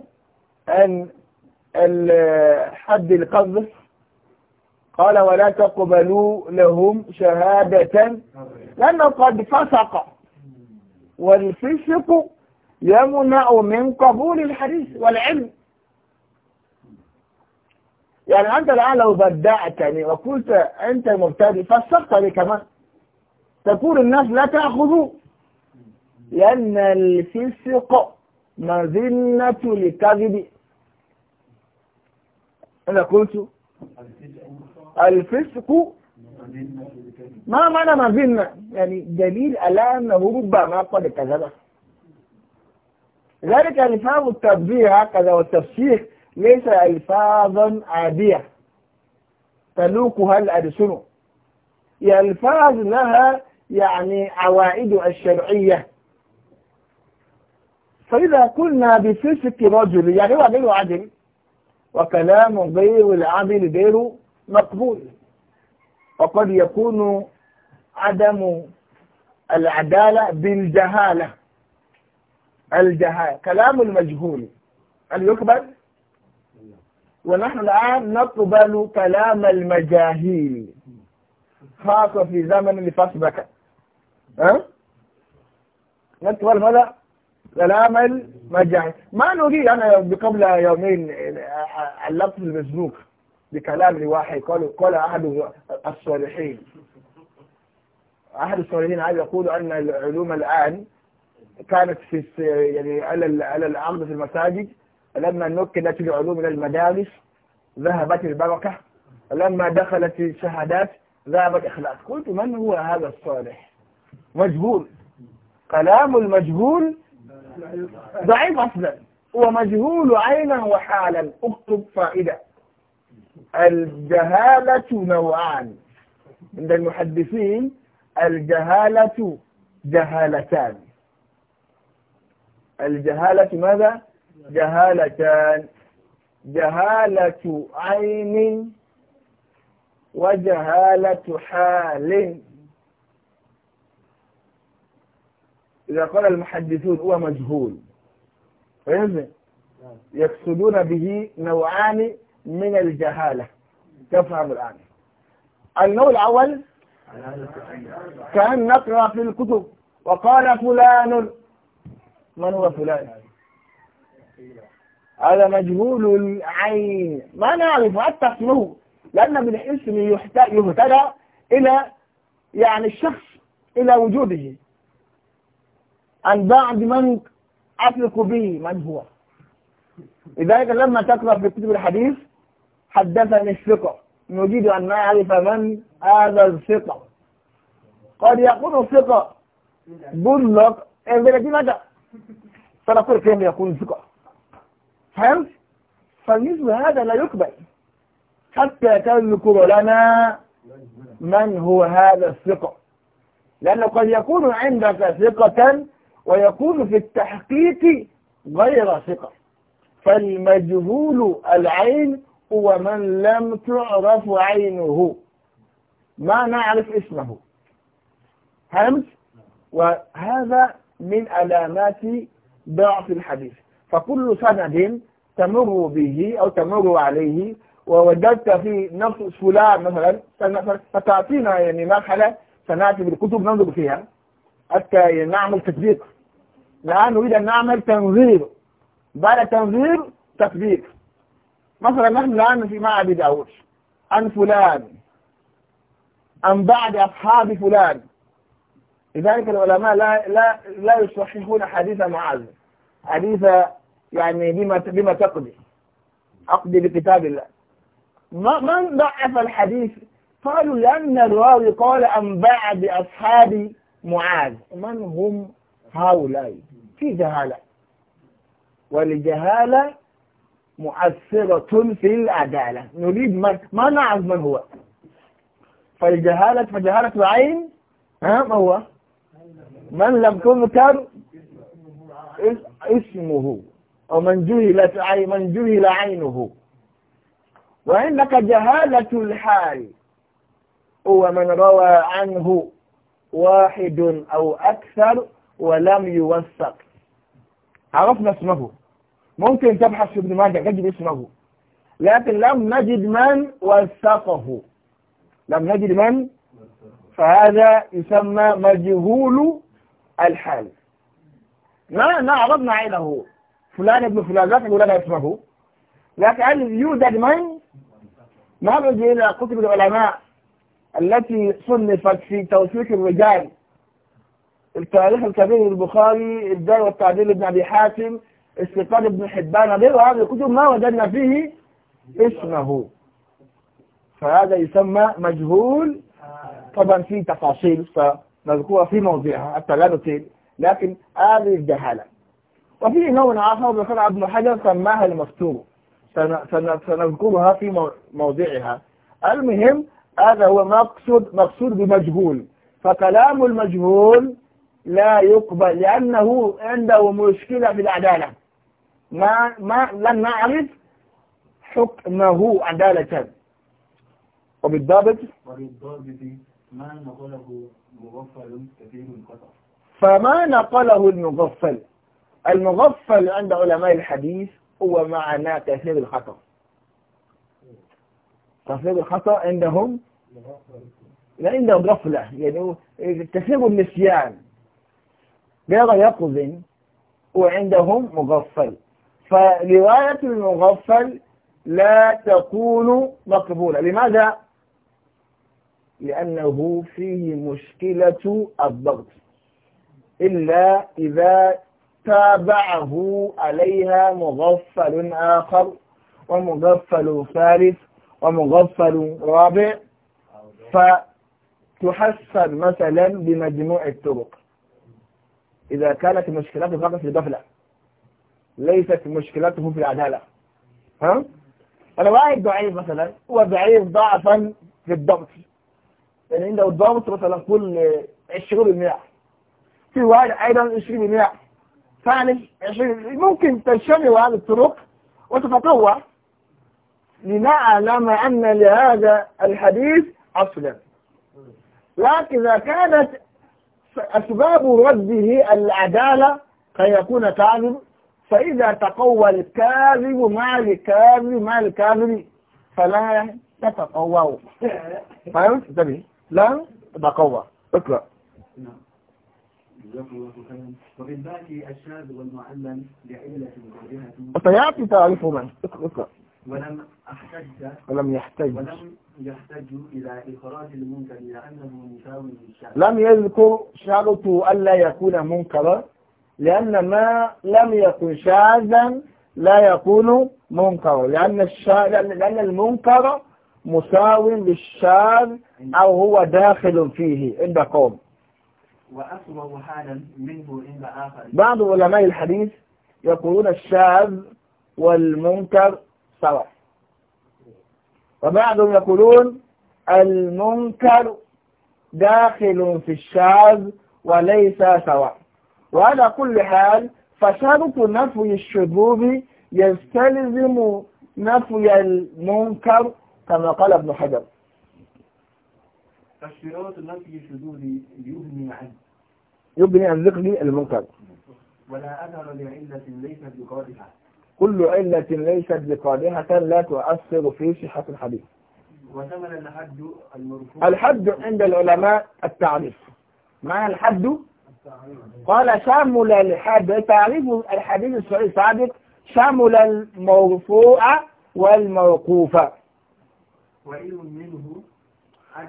عن حد القذف قال ولا تقبلوا لهم شهادة لأنه قد فسق والفسق يمنع من قبول الحديث والعلم يعني أنت الآن لو بدعتني وقلت أنت مبتدئ فسقتني كمان تقول الناس لا تأخذوا لأن الفسق مذنة لكذب أنا قلت الفسق ما معنى ما زلنا يعني دليل على أنه ربما قد كذب ذلك ألفاظ التبذير هكذا والتفسير ليس ألفاظا عادية تلوكها هي الفاظ لها يعني عوائد الشرعية فإذا قلنا بفسق رجل يعني هو غير عدل وكلام غير العدل غير مقبول وقد يكون عدم العدالة بالجهالة الجهالة كلام المجهول هل يقبل؟ ونحن الآن نقبل كلام المجاهيل خاصة في زمن لفسبك ها؟ نقبل ماذا؟ كلام المجاهيل ما نريد أنا قبل يومين آه، آه، اللفظ المزنوق بكلام لواحد قال قال أحد الصالحين أحد الصالحين عايز يقول أن العلوم الآن كانت في يعني على على الأرض في المساجد لما نقلت العلوم إلى المدارس ذهبت البركة لما دخلت الشهادات ذهبت إخلاص قلت من هو هذا الصالح مجهول كلام المجهول ضعيف أصلا ومجهول عينا وحالا اكتب فائدة الجهالة نوعان عند المحدثين الجهالة جهالتان الجهالة ماذا؟ جهالتان جهالة عين وجهالة حال إذا قال المحدثون هو مجهول فهمت؟ يقصدون به نوعان من الجهالة تفهم الآن النوع الأول كان نقرأ في الكتب وقال فلان من هو فلان هذا مجهول العين ما نعرف حتى اسمه لأن بالاسم يهتدى إلى يعني الشخص إلى وجوده عن بعد من أثق به من هو لذلك لما تقرأ في كتب الحديث حدثني الثقة نريد أن نعرف من هذا الثقة قد يكون الثقة بلق الذي ماذا فنقول كيف يكون الثقة فهمت؟ فمثل هذا لا يقبل حتى تذكر لنا من هو هذا الثقة لأنه قد يكون عندك ثقة ويكون في التحقيق غير ثقة فالمجهول العين هو من لم تعرف عينه ما نعرف اسمه فهمت وهذا من علامات ضعف الحديث فكل سند تمر به أو تمر عليه ووجدت في نفس فلان مثلا فتعطينا يعني مرحلة سنأتي بالكتب ننظر فيها حتى نعمل تطبيق الآن نريد أن نعمل تنظير بعد تنظير تطبيق مثلا نحن الآن في معهد داود عن فلان عن بعد أصحاب فلان لذلك العلماء لا لا لا يصححون حديث معاذ حديث يعني بما بما تقضي أقضي بكتاب الله ما من ضعف الحديث قالوا لأن الراوي قال عن بعد أصحاب معاذ من هم هؤلاء في جهالة ولجهالة مؤثرة في العدالة نريد من ما نعرف من هو فالجهالة فجهالة العين ها ما هو من لم تذكر اسمه أو من جهلت عين من جهل عينه وعندك جهالة الحال هو من روى عنه واحد أو أكثر ولم يوثق عرفنا اسمه ممكن تبحث في ابن ماجه تجد اسمه لكن لم نجد من وثقه لم نجد من فهذا يسمى مجهول الحال ما عرضنا عينه فلان ابن فلان لا تقول لنا اسمه لكن هل يوجد من ما بجي إلى كتب العلماء التي صنفت في توثيق الرجال التاريخ الكبير للبخاري الدار والتعديل لابن أبي حاتم استيقاظ ابن حبان غير هذه الكتب ما وجدنا فيه اسمه فهذا يسمى مجهول طبعا في تفاصيل فنذكرها في موضعها حتى لا نطيل لكن هذه الجهالة وفي نوع آخر ذكر عبد الحجر سماها المفتور سنذكرها في موضعها المهم هذا هو مقصود مقصود بمجهول فكلام المجهول لا يقبل لأنه عنده مشكلة في العدالة ما ما لم نعرف حكمه عدالة وبالضابط وبالضابط ما نقله مغفل كثير الخطأ فما نقله المغفل المغفل عند علماء الحديث هو معنى كثير الخطأ كثير الخطأ عندهم لا عندهم غفلة يعني كثير النسيان غير يقظ وعندهم مغفل فرواية المغفل لا تكون مقبولة لماذا؟ لأنه فيه مشكلة الضغط إلا إذا تابعه عليها مغفل آخر ومغفل ثالث ومغفل رابع فتحسن مثلا بمجموع الطرق إذا كانت مشكلة فقط في الغفلة ليست مشكلته في العدالة ها؟ أنا واحد ضعيف مثلا هو ضعيف ضعفا في الضبط يعني عنده الضبط مثلا كل 20 بالمئة في واحد أيضا 20 بالمئة 20 ممكن تجتمع هذه الطرق وتتطور لنعلم أن لهذا الحديث أصلا لكن إذا كانت أسباب رده العدالة فيكون يكون كاذب فإذا تقوى الكاذب مع الكاذب مع الكاذب فلا تتقوى فهمت؟ انتبه لا تتقوى اقرأ نعم وفي الباقي الشاذ والمعلم لعلة وجهة وسيأتي تعرفهما اقرأ ولم احتج ولم يحتج ولم يحتج إلى إخراج المنكر لأنه مساوي للشاذ لم يذكر شرط ألا يكون منكرا لأن ما لم يكن شاذا لا يكون منكرا لأن, الشا... لأن المنكر مساو للشاذ أو هو داخل فيه عند قوم وأكبر حالا منه عند آخر بعض علماء الحديث يقولون الشاذ والمنكر سواء وبعضهم يقولون المنكر داخل في الشاذ وليس سواء وعلى كل حال فشرط نفي الشذوذ يستلزم نفي المنكر كما قال ابن حجر فشرط نفي الشذوذ يبني عن يبني عن ذكر المنكر ولا أثر لعلة ليست بقادحة كل علة ليست بقادحة لا تؤثر في صحة الحديث وثمن الحد المرفوع الحد عند العلماء التعريف معنى الحد قال شمل الحد تعريف الحديث الصحيح السابق شمل المرفوع والموقوف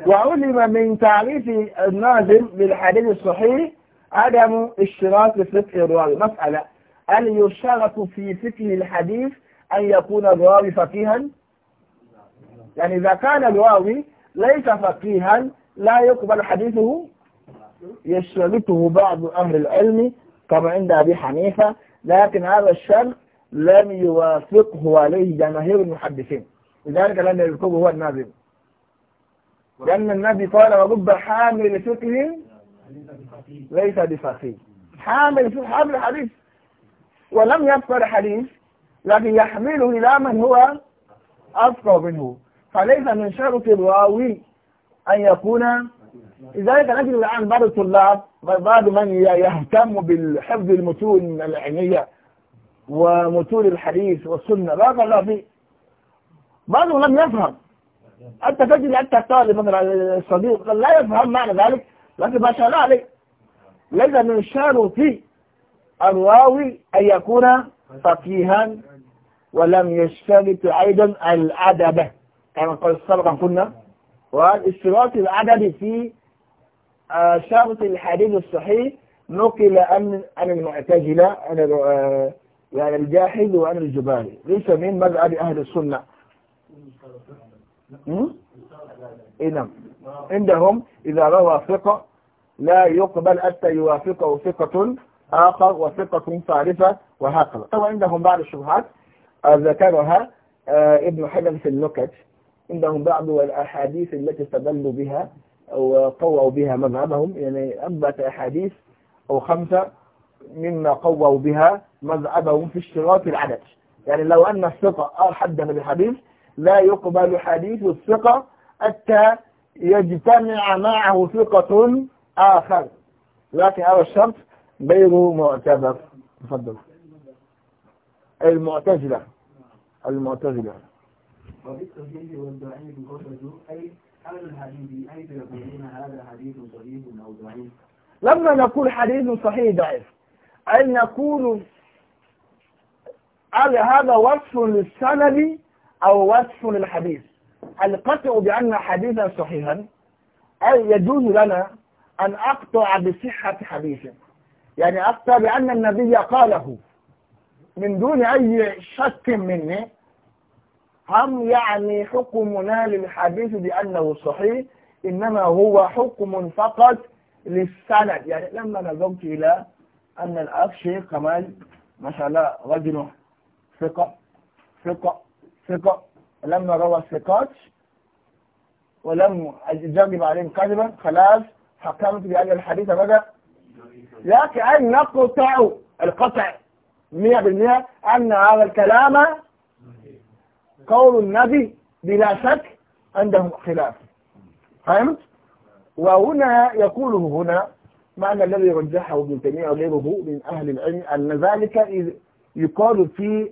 وعلم من تعريف الناظم بالحديث الصحيح عدم اشتراك فقه الراوي مسألة هل يشترط في فقه الحديث أن يكون الراوي فقيها؟ يعني إذا كان الراوي ليس فقيها لا يقبل حديثه يشترطه بعض أهل العلم كما عند أبي حنيفة لكن هذا الشرط لم يوافقه عليه جماهير المحدثين لذلك لم يذكره هو النبي لأن النبي قال رب حامل فقه ليس بفقيه حامل فقه حامل حديث ولم يذكر حديث لكن يحمله إلى من هو أفقه منه فليس من شرط الراوي أن يكون لذلك نجد الآن بعض الطلاب بعض من يهتم بالحفظ المتون العلمية ومتون الحديث والسنة بارك الله فيه بعضهم لم يفهم أنت تجد أنت طالب مثلا الصديق لا يفهم معنى ذلك لكن ما شاء الله عليه ليس من في الراوي أن يكون فقيها ولم يشترط أيضا الأدب كما قال سابقا كنا والاشتراط العددي في آه، شرط الحديث الصحيح نقل عن عن المعتزلة عن آه، يعني الجاحد وعن الجبالي ليس من مذهب أهل السنة نعم. إيه، نعم عندهم إذا روى ثقة لا يقبل حتى يوافقه ثقة آخر وثقة صارفة وهكذا طبعا عندهم بعض الشبهات آه، ذكرها ابن حجر في النكت عندهم بعض الأحاديث التي استدلوا بها أو قووا بها مذهبهم يعني أربعة أحاديث أو خمسة مما قووا بها مذهبهم في اشتراط العدد يعني لو أن الثقة أو حدث بالحديث لا يقبل حديث الثقة حتى يجتمع معه ثقة آخر لكن هذا الشرط غير معتبر تفضل المعتزلة المعتزلة وبالصحيح والضعيف قصد أي حال الحديث أي يقولون هذا حديث صحيح أو ضعيف لما نقول حديث صحيح ضعيف أي نقول هل هذا وصف للسند أو وصف للحديث القطع بأن حديثا صحيحا أي يجوز لنا أن أقطع بصحة حديثه يعني أقطع بأن النبي قاله من دون أي شك مني هم يعني حكمنا للحديث بأنه صحيح إنما هو حكم فقط للسند يعني لما نظرت إلى أن الأخ شيخ كمال ما شاء الله رجل ثقة ثقة ثقة لما روى الثقات ولم أجرب عليهم كذبا خلاص حكمت بأن الحديث بدأ لكن أن نقطع القطع 100% أن هذا الكلام قول النبي بلا شك عندهم خلاف فهمت؟ وهنا يقوله هنا معنى الذي رجحه ابن تيمية وغيره من أهل العلم أن ذلك يقال في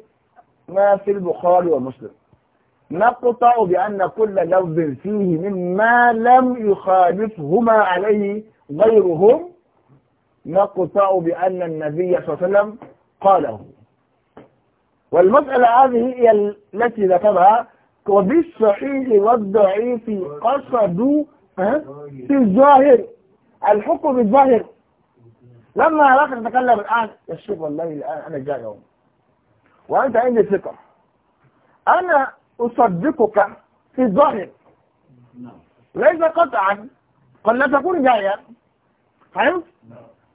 ما في البخاري ومسلم نقطع بأن كل لفظ فيه مما لم يخالفهما عليه غيرهم نقطع بأن النبي صلى الله عليه وسلم قاله والمسألة هذه هي التي ذكرها وبالصحيح والضعيف قصدوا في الظاهر الحكم الظاهر لما الاخر تكلم الآن يا شيخ والله الآن أنا جاي يوم وأنت عندي ثقة أنا أصدقك في الظاهر ليس قطعا قد لا تكون جايا فهمت؟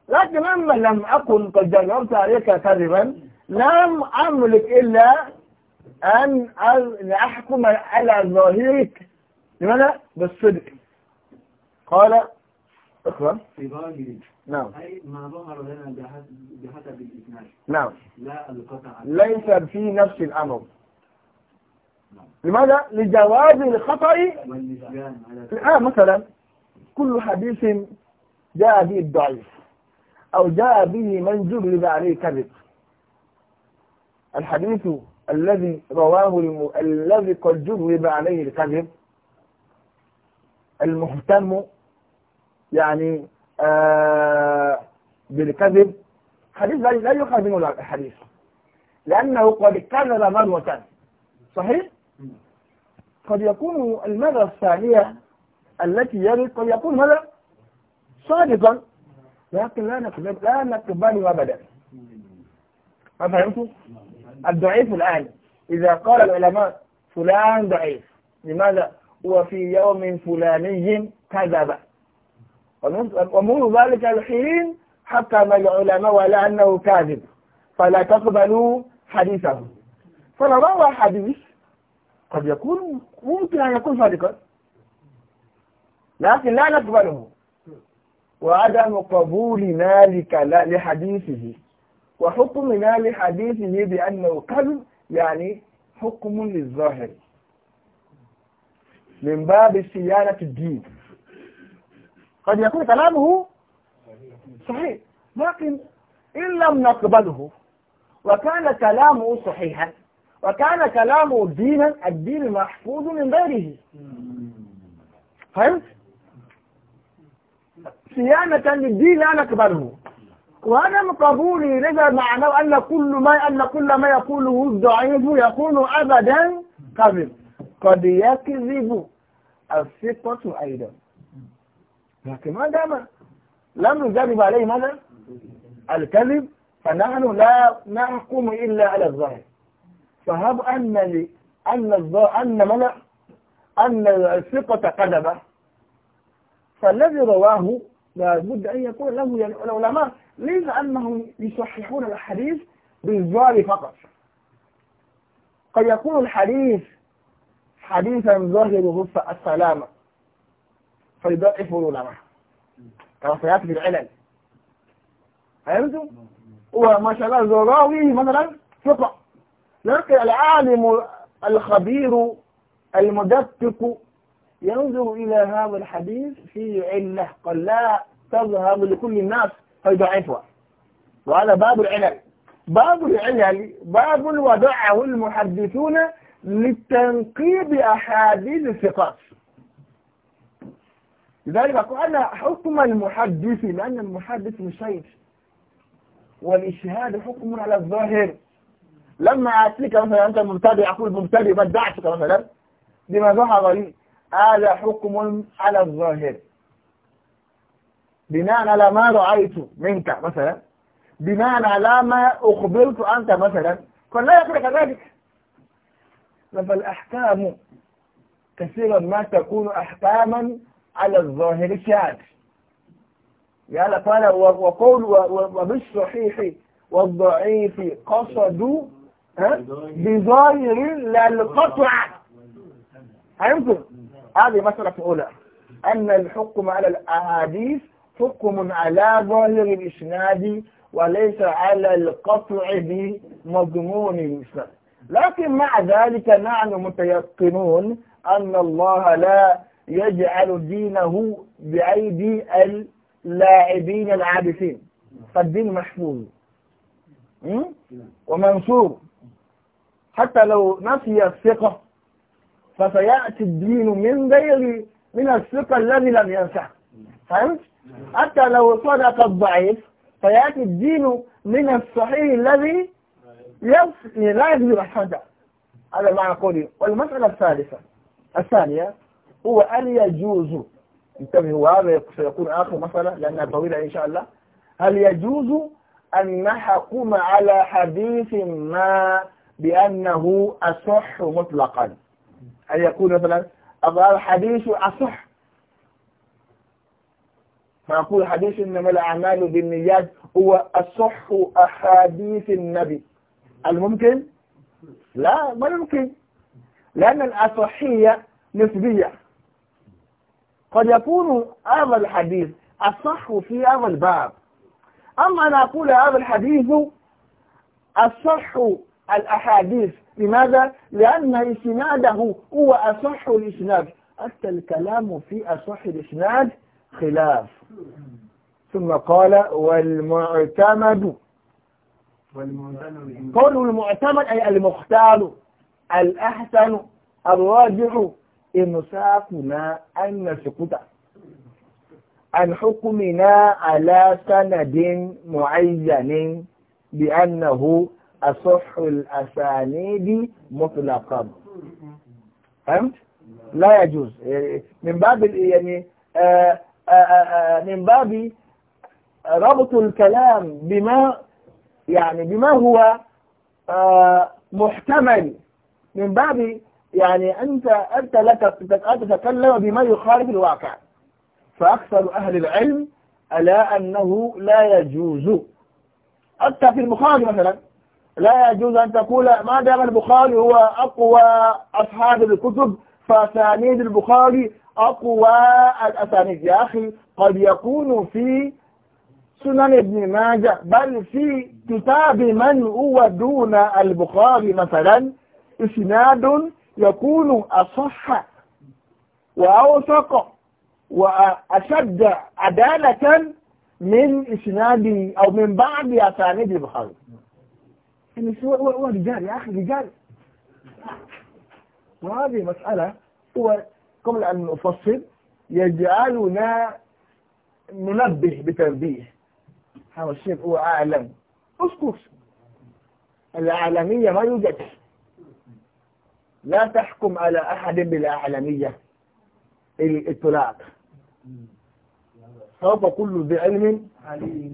لكن أما لم أكن قد جاوبت عليك كذبا لم أملك إلا أن أحكم على ظاهرك لماذا؟ بالصدق قال اقرأ في نعم أي ما ظهر لنا بحسب الإثنان نعم لا القطع ليس في نفس الأمر نعم. لماذا؟ لجواز الخطأ والنسيان الآن مثلا كل حديث جاء به الضعيف أو جاء به من جلد عليه كذب الحديث الذي رواه الم... الذي قد جرب عليه الكذب المهتم يعني آه بالكذب حديث لا يقال منه الحديث لأنه قد كذب مرة صحيح؟ قد يكون المرة الثانية التي يلي قد يكون هذا صادقا لكن لا نقبل لا نقبله أبدا ما فهمتوا؟ الضعيف الآن إذا قال العلماء فلان ضعيف لماذا؟ وفي يوم فلاني كذب ومنذ ذلك الحين حكم العلماء ولا أنه كاذب فلا تقبلوا حديثه فنروى حديث قد يكون ممكن أن يكون صادقا لكن لا نقبله وعدم قبولنا لحديثه وحكمنا لحديثه بأنه كذب يعني حكم للظاهر من باب صيانة الدين قد يكون كلامه صحيح لكن إن لم نقبله وكان كلامه صحيحا وكان كلامه دينا الدين محفوظ من غيره فهمت؟ صيانة للدين لا نقبله وعدم قبولي لذا معناه أن كل ما أن كل ما يقوله الضعيف يكون أبدا كذب قد يكذب الثقة أيضا لكن ما دام لم نجرب عليه ماذا؟ الكذب فنحن لا نحكم إلا على الظاهر فهب أن لي أن أن ملأ أن الثقة كذبة فالذي رواه لابد أن يكون له يعني العلماء ليس أنهم يصححون الحديث بالظاهر فقط قد يكون الحديث حديثا ظاهره السلامة فيضعف العلماء كما سيأتي في العلل فهمتم؟ وما شاء الله زراوي مثلا ثقة لكن العالم الخبير المدقق ينظر إلى هذا الحديث في علة قد لا تظهر لكل الناس فيضعفها وهذا باب العلل باب العلل باب وضعه المحدثون للتنقيب أحاديث الثقات لذلك قال حكم المحدث لأن المحدث مشير والإشهاد حكم على الظاهر لما أتيك مثلا أنت مبتدئ أقول مبتدئ بدعتك مثلا بما ظهر لي هذا حكم على الظاهر بناء على ما رأيت منك مثلا بناء على ما أخبرت أنت مثلا فلا يقول كذلك فالأحكام كثيرا ما تكون أحكاما على الظاهر شاد قال قال وقول وبالصحيح والضعيف قصدوا بظاهر لا القطع أيمكن هذه مسألة أولى أن الحكم على الأحاديث حكم على ظاهر الإسناد وليس على القطع بمضمون الإسناد لكن مع ذلك نحن متيقنون أن الله لا يجعل دينه بأيدي اللاعبين العابثين فالدين محفوظ ومنصور حتى لو نسي الثقة فسيأتي الدين من غير من الثقة الذي لم ينصح فهمت؟ حتى لو صدق الضعيف فيأتي الدين من الصحيح الذي لا يكذب الحجة هذا معنى قولي والمسألة الثالثة الثانية هو هل يجوز انتبهوا هذا سيكون آخر مسألة لأنها طويلة إن شاء الله هل يجوز أن نحكم على حديث ما بأنه أصح مطلقا أن يكون مثلا الحديث أصح أقول حديث إنما الأعمال بالنيات هو أصح أحاديث النبي الممكن؟ لا ما يمكن لأن الأصحية نسبية قد يكون هذا الحديث أصح في هذا الباب أما أنا أقول هذا الحديث أصح الأحاديث لماذا؟ لأن إسناده هو أصح الإسناد حتى الكلام في أصح الإسناد خلاف ثم قال والمعتمد قول المعتمد أي المختار الأحسن الراجح إمساكنا أن نسكت عن حكمنا على سند معين بأنه أصح الأسانيد مطلقا فهمت؟ لا يجوز يعني من باب يعني آه، آه، آه، من باب ربط الكلام بما يعني بما هو محتمل من باب يعني أنت أنت لك تتكلم بما يخالف الواقع فأكثر أهل العلم ألا أنه لا يجوز حتى في المخارج مثلا لا يجوز أن تقول ما دام البخاري هو أقوى أصحاب الكتب فأسانيد البخاري أقوى الأسانيد يا أخي قد يكون في سنن ابن ماجه بل في كتاب من هو دون البخاري مثلا إسناد يكون أصح وأوثق وأشد عدالة من إسناد أو من بعض أسانيد البخاري هو هو رجال يا أخي رجال وهذه مسألة هو قبل أن نفصل يجعلنا ننبه بتنبيه هذا الشيء هو أعلم اسكت الأعلمية ما يوجد لا تحكم على أحد بالأعلمية الإطلاق سوف كل ذي علم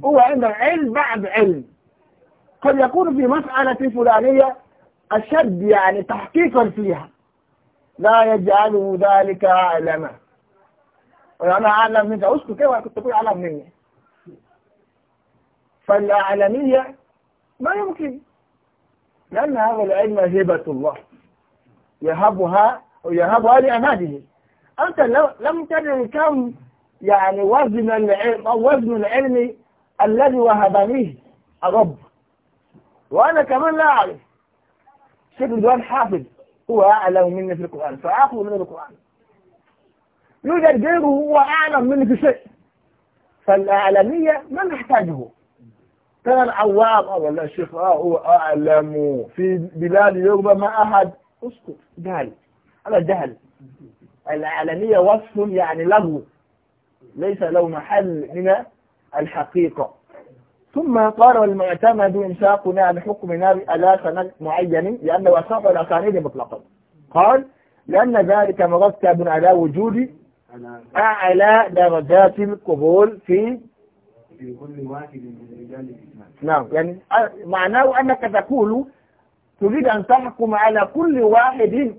هو عنده علم بعد علم قد يكون في مسألة فلانية أشد يعني تحقيقا فيها لا يجعله ذلك أعلما وأنا أعلم منك أسكت كيف كنت تقول أعلم مني فالأعلمية ما يمكن لأن هذا العلم هبة الله يهبها ويهبها لعباده أنت لو لم تدري كم يعني وزن العلم أو وزن العلم الذي وهبنيه الرب وأنا كمان لا أعرف الشيخ رضوان حافظ هو أعلم مني في القرآن فأخذ من القرآن يوجد غيره هو أعلم مني في شيء فالأعلمية ما نحتاجه كان العوام أو آه الشيخ آه هو أعلم في بلاد يوروبا ما أحد اسكت جهل هذا جهل الأعلمية وصف يعني له ليس له محل من الحقيقة ثم قال والمعتمد إمساقنا عن حكم نار ألا سند معين لأنه أصح الأسانيد مطلقا قال لأن ذلك مرتب على وجود أعلى درجات القبول في في كل واحد من رجال الإسلام نعم يعني معناه أنك تقول تريد أن تحكم على كل واحد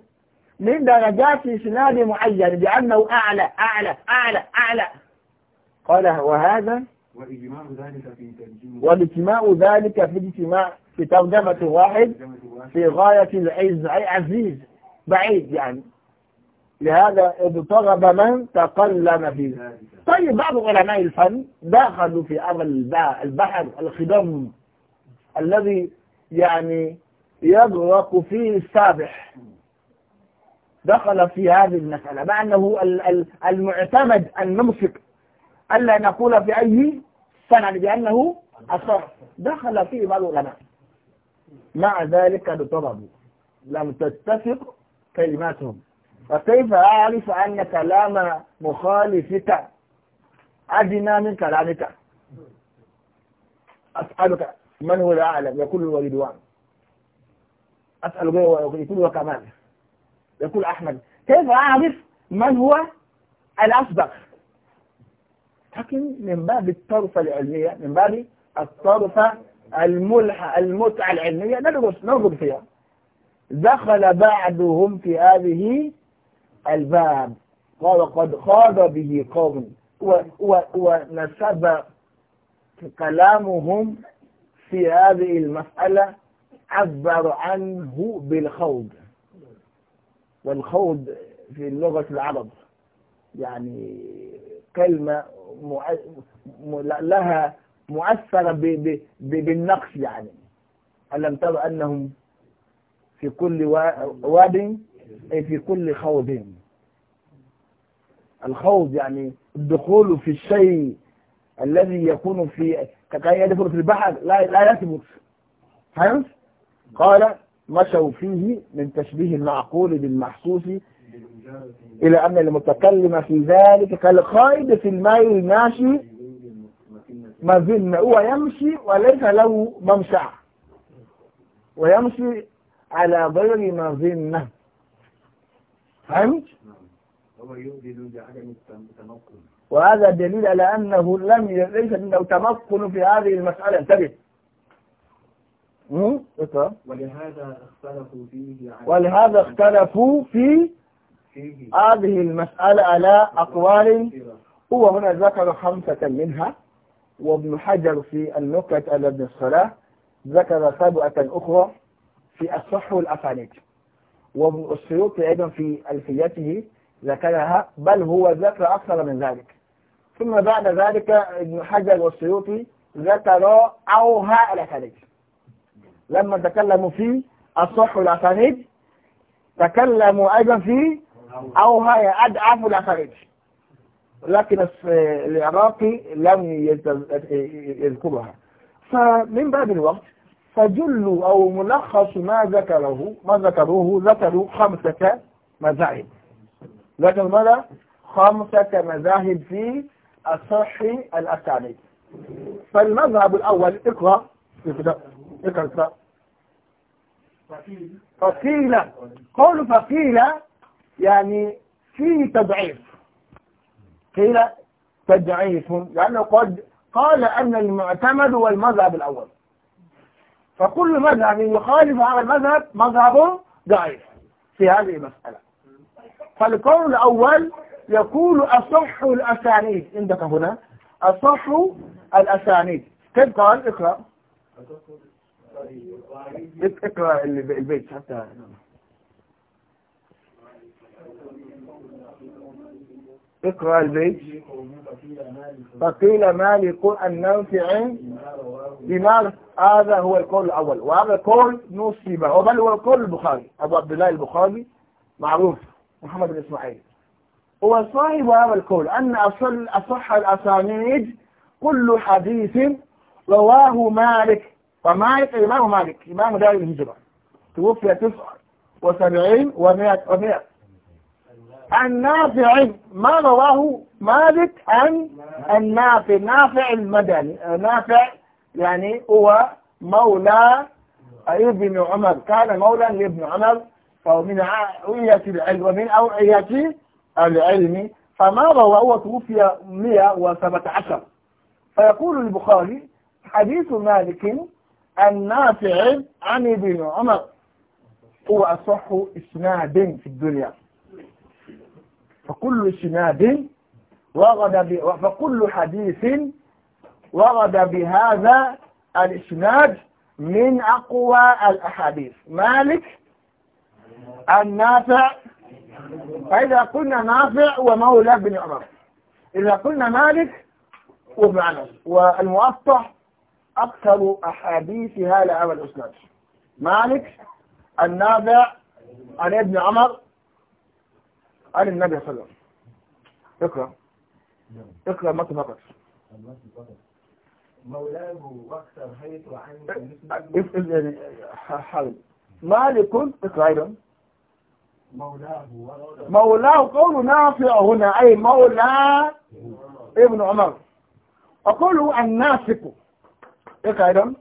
من درجات إسلام معين بأنه أعلى أعلى أعلى أعلى قال وهذا والاجماع ذلك في ترجمة ذلك في اجتماع في ترجمة واحد في غاية العز عزيز بعيد يعني لهذا اضطرب من تقلم فيه طيب بعض علماء الفن دخلوا في أمر البحر الخضم الذي يعني يغرق فيه السابح دخل في هذه المسألة مع أنه المعتمد الممسك ألا نقول في أي سنة بأنه أصر دخل فيه بعض العلماء مع ذلك لطلب لم تتفق كلماتهم فكيف أعرف أن كلام مخالفك أدنى من كلامك أسألك من هو الأعلم يقول ورضوان أسأل غيره يقول وكمان يقول أحمد كيف أعرف من هو الأسبق لكن من باب الطرفة العلمية من باب الطرفة الملحة المتعة العلمية ندرس ننظر فيها دخل بعضهم في هذه الباب قال قد خاض به قوم ونسب كلامهم في هذه المسألة عبر عنه بالخوض والخوض في اللغة العرب يعني كلمة لها مؤثرة بالنقص يعني ألم تر أنهم في كل واد أي في كل خوض الخوض يعني الدخول في الشيء الذي يكون في كان يدخل في البحر لا لا يثبت فهمت؟ قال مشوا فيه من تشبيه المعقول بالمحسوس إلى أن المتكلم في ذلك كالقائد في الماء الماشي زلنا هو يمشي وليس له ممشى ويمشي على غير مذنة فهمت؟ وهذا دليل على أنه لم ليس له تمكن في هذه المسألة انتبه ولهذا اختلفوا فيه ولهذا اختلفوا في هذه المسألة على أقوال هو هنا ذكر خمسة منها وابن حجر في النكت على ابن الصلاة ذكر سبعة أخرى في الصح والأفانيت وابن السيوطي أيضا في ألفيته ذكرها بل هو ذكر أكثر من ذلك ثم بعد ذلك ابن حجر والسيوطي ذكر أوها الأفانيت لما تكلموا في الصح والأفانيت تكلموا أيضا في أو هي أضعف خارج لكن العراقي لم يذكرها فمن باب الوقت فجل أو ملخص ما ذكره ما ذكروه ذكروا خمسة مذاهب ذكروا ماذا؟ خمسة مذاهب في أصح الأسانيد فالمذهب الأول اقرأ اقرأ اقرأ فقيل قول فقيل يعني في تضعيف قيل تضعيف لأنه قد قال أن المعتمد هو المذهب الأول فكل مذهب يخالف هذا المذهب مذهب ضعيف في هذه المسألة فالقول الأول يقول أصح الأسانيد عندك هنا أصح الأسانيد كيف قال اقرأ اقرأ البيت حتى اقرأ البيت فقيل مالك النافع دينار هذا هو القول الأول وهذا قول نصيبة وبل هو القول البخاري أبو عبد الله البخاري معروف محمد بن إسماعيل هو صاحب هذا القول أن أصل أصح الأسانيد كل حديث رواه مالك فمالك الإمام مالك إمام دار الهجرة توفي تسعة وسبعين ومائة ومائة عن نافع ما رواه مالك عن النافع نافع المدني نافع يعني هو مولى ابن عمر كان مولى لابن عمر فهو من أوعية العلم ومن أوعية العلم فما رواه هو توفي 117 فيقول البخاري حديث مالك النافع عن ابن عمر هو أصح إسناد في الدنيا فكل سناد ورد فكل حديث ورد بهذا الاسناد من أقوى الأحاديث مالك النافع فإذا قلنا نافع ومولى بن عمر إذا قلنا مالك وابن أنس والموطح أكثر أحاديثها لهذا الأسناد مالك النافع عن ابن عمر عن النبي صلى الله عليه وسلم اقرأ اقرأ ما فقط مولاه واكثر حيث وعنده حاول مالك اقرأ أيضا مولاه مولاه قول نافع هنا أي مولى ابن عمر أقول الناسك اقرأ أيضا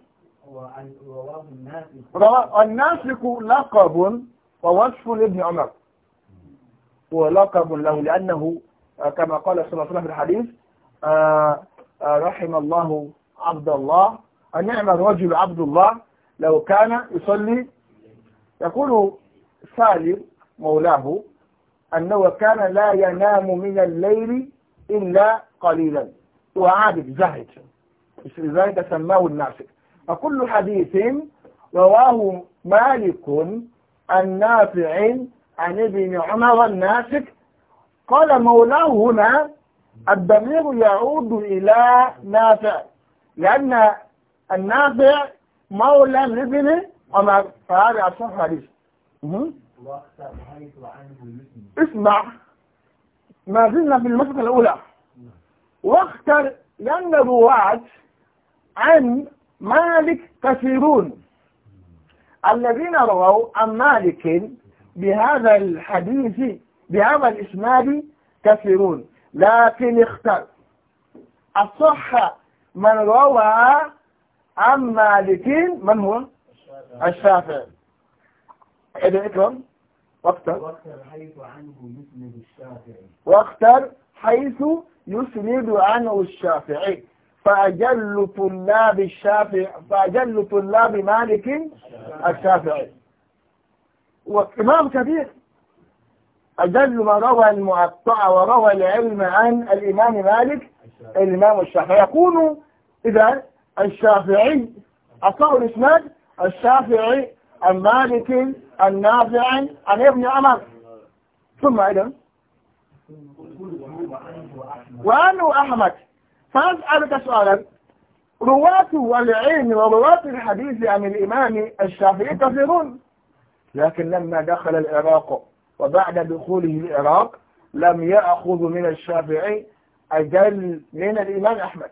الناسك لقب ووصف لابن عمر هو لقب له لأنه آه، كما قال صلى الله عليه وسلم في الحديث آه، آه، رحم الله عبد الله النعم الرجل عبد الله لو كان يصلي يقول سالم مولاه أنه كان لا ينام من الليل إلا قليلا وعابد زهد لذلك سماه الناس وكل حديث رواه مالك عن نافع عن ابن عمر الناسك قال مولاه هنا الضمير يعود إلى نافع لأن النافع مولى لابن عمر فهذا أصح حديث اسمع ما زلنا في المسألة الأولى واختر لأن الرواة عن مالك كثيرون الذين رووا عن مالك بهذا الحديث بهذا الإسناد كثيرون لكن اختر الصحة من روى عن مالك من هو الشافعي ابن اكرم واختر واختر حيث عنه يسند الشافعي واختر حيث يسند عنه الشافعي فأجل طلاب الشافعي فأجل طلاب مالك الشافعي وإمام كبير أجل ما روى المعطاء وروى العلم عن الإمام مالك الإمام الشافعي يكون إذا الشافعي أصاب الإسناد الشافعي عن مالك عن نافع عن ابن عمر ثم إذا وأنه أحمد فأسألك سؤالا رواة العلم ورواة الحديث عن الإمام الشافعي كثيرون لكن لما دخل العراق وبعد دخوله العراق لم يأخذ من الشافعي أجل من الإمام أحمد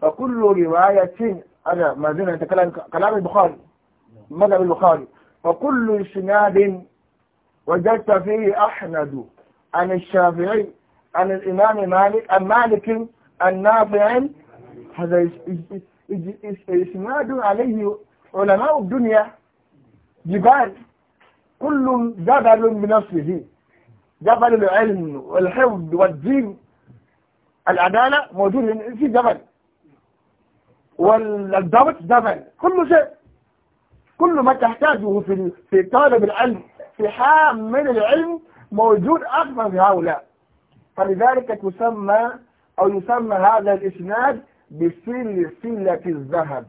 فكل رواية أنا ما زلنا نتكلم كلام البخاري مذهب البخاري وكل اسناد وجدت فيه أحمد عن الشافعي عن الإمام مالك عن مالك النافع هذا اسناد عليه علماء الدنيا جبال كل جبل بنفسه جبل العلم والحفظ والدين العدالة موجود في جبل والضبط جبل كل شيء كل ما تحتاجه في في طالب العلم في حامل العلم موجود أكثر في هؤلاء فلذلك تسمى أو يسمى هذا الإسناد بسلسلة الذهب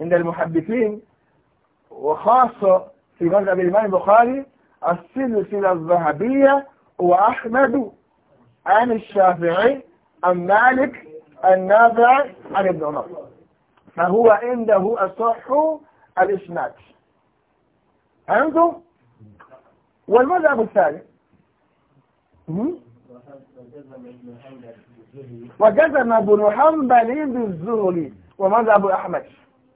عند المحدثين وخاصة في مذهب الإمام البخاري السلسلة الذهبية وأحمد عن الشافعي عن مالك النافع عن ابن عمر فهو عنده أصح الإسناد عنده والمذهب الثاني وجزم ابن حنبل بالزهري ومذهب أحمد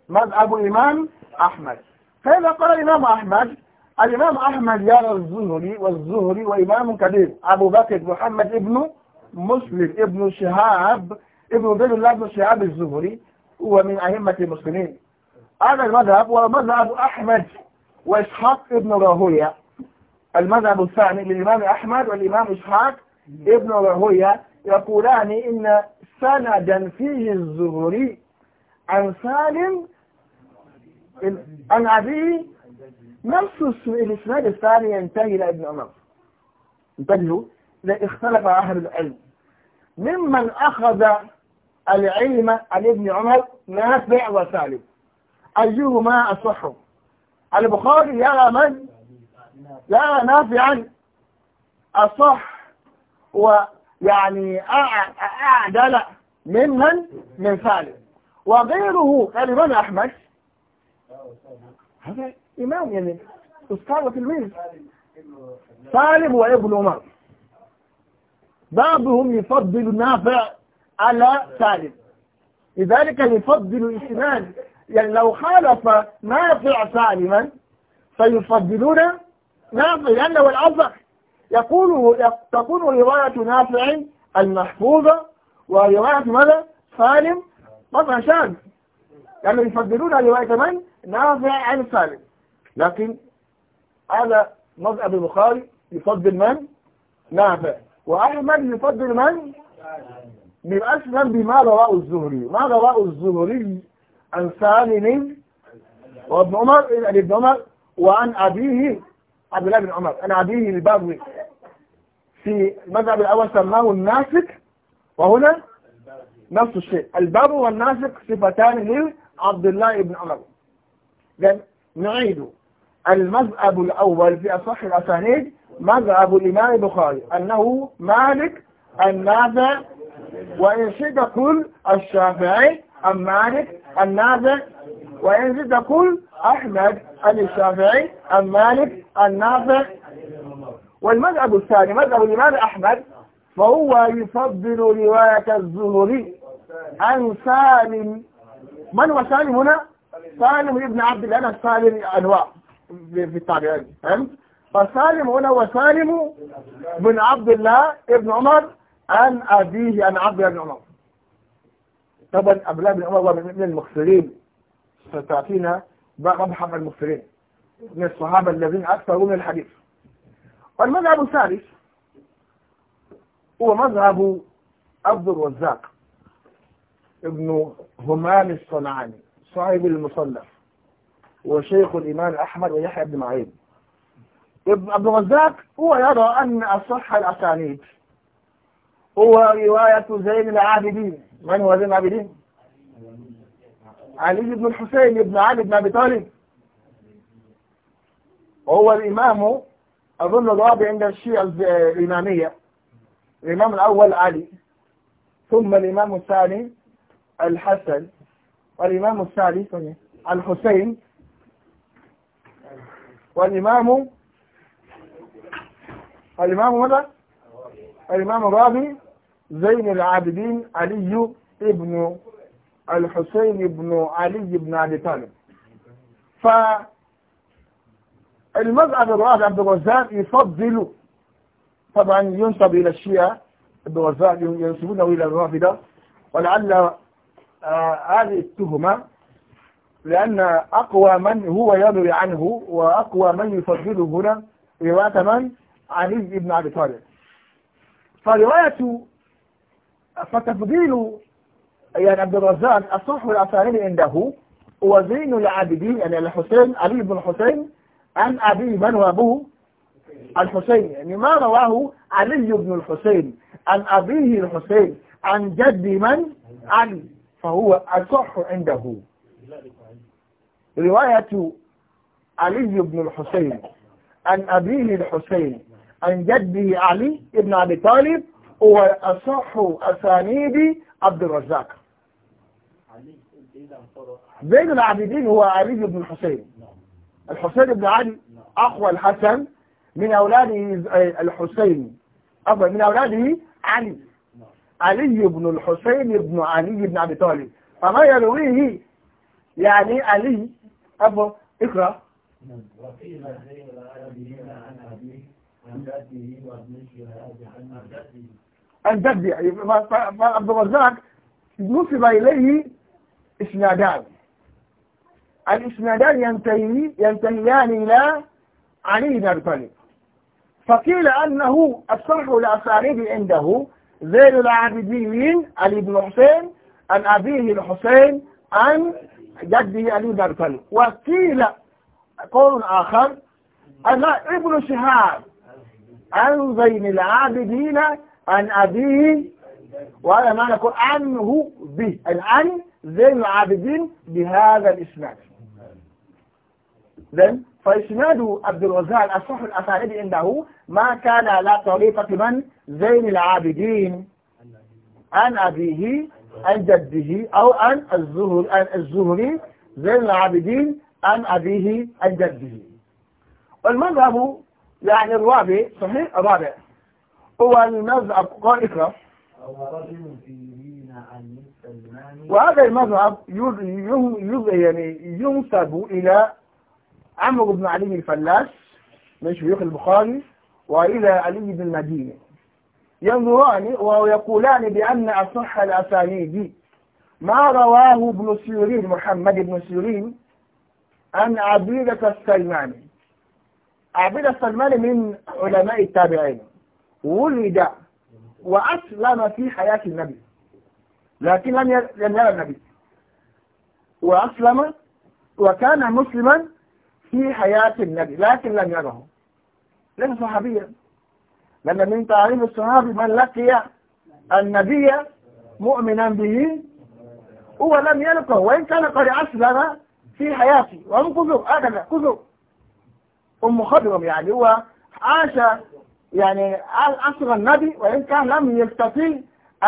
مذهب الإمام أحمد فإذا قال الإمام أحمد الإمام أحمد يرى الزهري والزهري وإمام كبير أبو بكر محمد ابن مسلم ابن شهاب ابن عبد الله بن شهاب الزهري هو من أئمة المسلمين هذا المذهب هو مذهب أحمد وإسحاق ابن راهوية المذهب الثاني للإمام أحمد والإمام إسحاق ابن راهوية يقولان إن سندا فيه الزهري عن سالم عن أبيه نفس الإسناد الثاني ينتهي إلى ابن عمر انتبهوا اختلف أهل العلم ممن أخذ العلم عن ابن عمر نافع وسالم أيهما أصح البخاري يرى من يرى نافعا أصح ويعني أعدل ممن من سالم وغيره قال من أحمد هذا إمام يعني أستاذ وتلميذ طالب وابن عمر بعضهم يفضل نافع على سالم لذلك يفضل الاثنان يعني لو خالف نافع سالما فيفضلون نافع لأنه الأفضل يقول تكون رواية نافع المحفوظة ورواية ماذا؟ سالم طبعا شاذ يعني يفضلون رواية من؟ نافع عن سالم لكن هذا مذهب البخاري يفضل من نافع وأحمد يفضل من أسلم بما رواه الزهري ما رواه الزهري عن سالم وابن عمر عن ابن عمر وعن أبيه عبد الله بن عمر عن أبيه البغوي في المذهب الأول سماه الناسك وهنا نفس الشيء الباب والناسك صفتان لعبد الله بن عمر إذن نعيد المذهب الأول في أصح الأسانيد مذهب الإمام البخاري أنه مالك النافع وإن شئت كل الشافعي عن مالك النافع وإن شئت كل أحمد عن الشافعي عن مالك النافع والمذهب الثاني مذهب الإمام أحمد فهو يفضل رواية الزهري عن سالم من هو سالم هنا؟ سالم ابن عبد الله سالم أنواع في التعبير فهمت؟ فسالم هنا وسالم بن عبد الله ابن عمر عن أبيه عن عبد الله بن عمر طبعا عبد الله بن عمر من المخسرين ستعطينا محمد المخسرين من الصحابة الذين أكثروا من الحديث والمذهب الثالث هو مذهب عبد الرزاق ابن همام الصنعاني صاحب المصنف وشيخ الإمام أحمد ويحيى بن معين ابن عبد الرزاق هو يرى أن أصح الأسانيد هو رواية زين العابدين من هو زين العابدين؟ علي بن الحسين بن علي بن أبي طالب وهو الإمام أظن الرابع عند الشيعة الإمامية الإمام الأول علي ثم الإمام الثاني الحسن والإمام الثالث الحسين والإمام الإمام ماذا؟ الإمام الرابع زين العابدين علي ابن الحسين بن علي بن أبي طالب ف المذهب الرابع عبد الرزاق يفضل طبعا ينسب إلى الشيعة عبد الرزاق ينسبونه إلى الرافضة ولعل آه، هذه التهمة لأن أقوى من هو يروي عنه وأقوى من يفضله هنا رواية من؟ علي بن أبي طالب فرواية فتفضيل يعني عبد الرزاق الصح الأسانيد عنده وزين العابدين يعني الحسين علي بن الحسين عن أبي من هو أبوه؟ الحسين يعني ما رواه علي بن الحسين عن أبيه الحسين عن جد من؟ علي فهو أصح عنده رواية علي بن الحسين عن أبيه الحسين عن جده علي بن أبي طالب هو أصح أسانيد عبد الرزاق بين العابدين هو علي بن الحسين الحسين بن علي أخو الحسن من أولاده آه، الحسين أفضل من أولاده علي علي بن الحسين بن علي بن أبي طالب فما يرويه يعني علي أبو اقرأ وقيل غير العربيين عن أبيه عن جده وابن عن عن جده فعبد يعني الرزاق نسب إليه إسنادان الإسنادان ينتهي ينتهيان إلى علي بن أبي طالب فقيل أنه الصرح الأسانيد عنده زين العابدين علي بن حسين عن أبيه الحسين عن جده علي بن أبي وقيل قول آخر أنا ابن شهاب عن زين العابدين عن أبيه وهذا ما نقول عنه به الآن يعني زين العابدين بهذا الإسناد زين فإسناد عبد الرزاق الصحف الأسانيد عنده ما كان على طريقة من زين العابدين عن أبيه عن جده أو عن الزهري عن الزهري زين العابدين عن أبيه عن جده والمذهب يعني الرابع صحيح الرابع هو المذهب قال اقرأ وهذا المذهب يعني ينسب إلى عمرو بن علي الفلاس من شيوخ البخاري وإلى علي بن المدينة ينظران ويقولان بأن أصح الأسانيد ما رواه ابن سيرين محمد بن سيرين عن عبيدة السلماني عبيدة السلماني من علماء التابعين ولد وأسلم في حياة النبي لكن لم يرى النبي وأسلم وكان مسلما في حياة النبي لكن لم يره ليس صحابيا لأن من تعريف الصحابي من لقي النبي مؤمنا به هو لم يلقه وإن كان قد أسلم في حياته وهم كذب أبدا كذب أم خضرم يعني هو عاش يعني عصر النبي وإن كان لم يستطيع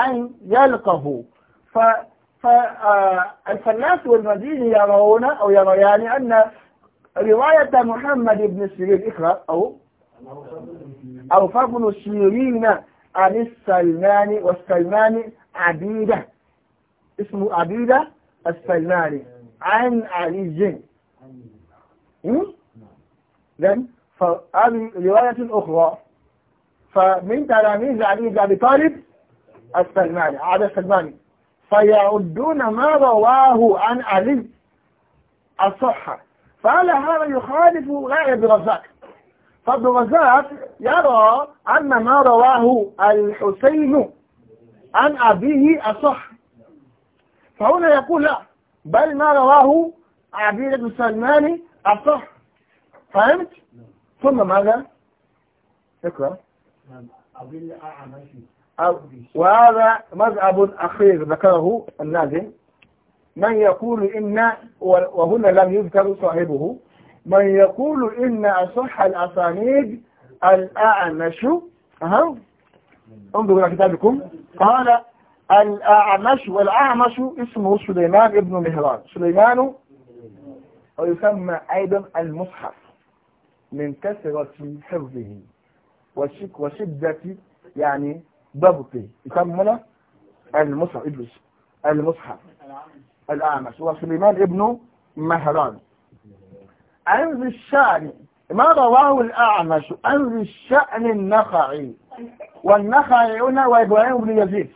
أن يلقه ف فالفلاس آه، والمدينة يرون أو يريان أن رواية محمد بن سيرين اقرأ أو أو فضل سيرين عن السلمان والسلمان عبيدة اسمه عبيدة السلماني عن علي إذن فهذه رواية أخرى فمن تلاميذ علي بن أبي طالب السلماني عبد السلماني فيعدون ما رواه عن علي الصحة فعلى هذا يخالف رأي ابن فابن الرزاق يرى أن ما رواه الحسين عن أبيه أصح فهنا يقول لا بل ما رواه عبيد بن سلمان أصح فهمت؟ ثم ماذا؟ اقرأ وهذا مذهب أخير ذكره النازل من يقول إن وهنا لم يذكر صاحبه من يقول إن أصح الأسانيد الأعمش أه. انظروا إلى كتابكم قال الأعمش والأعمش اسمه سليمان ابن مهران سليمان ويسمى أيضا المصحف من كثرة حفظه وشك وشدة يعني ضبطه يسمونه المصحف المصحف الأعمش وسليمان ابن مهران عن ذي الشأن ما رواه الأعمش عن ذي الشأن النخعي والنخعي هنا وإبراهيم بن يزيد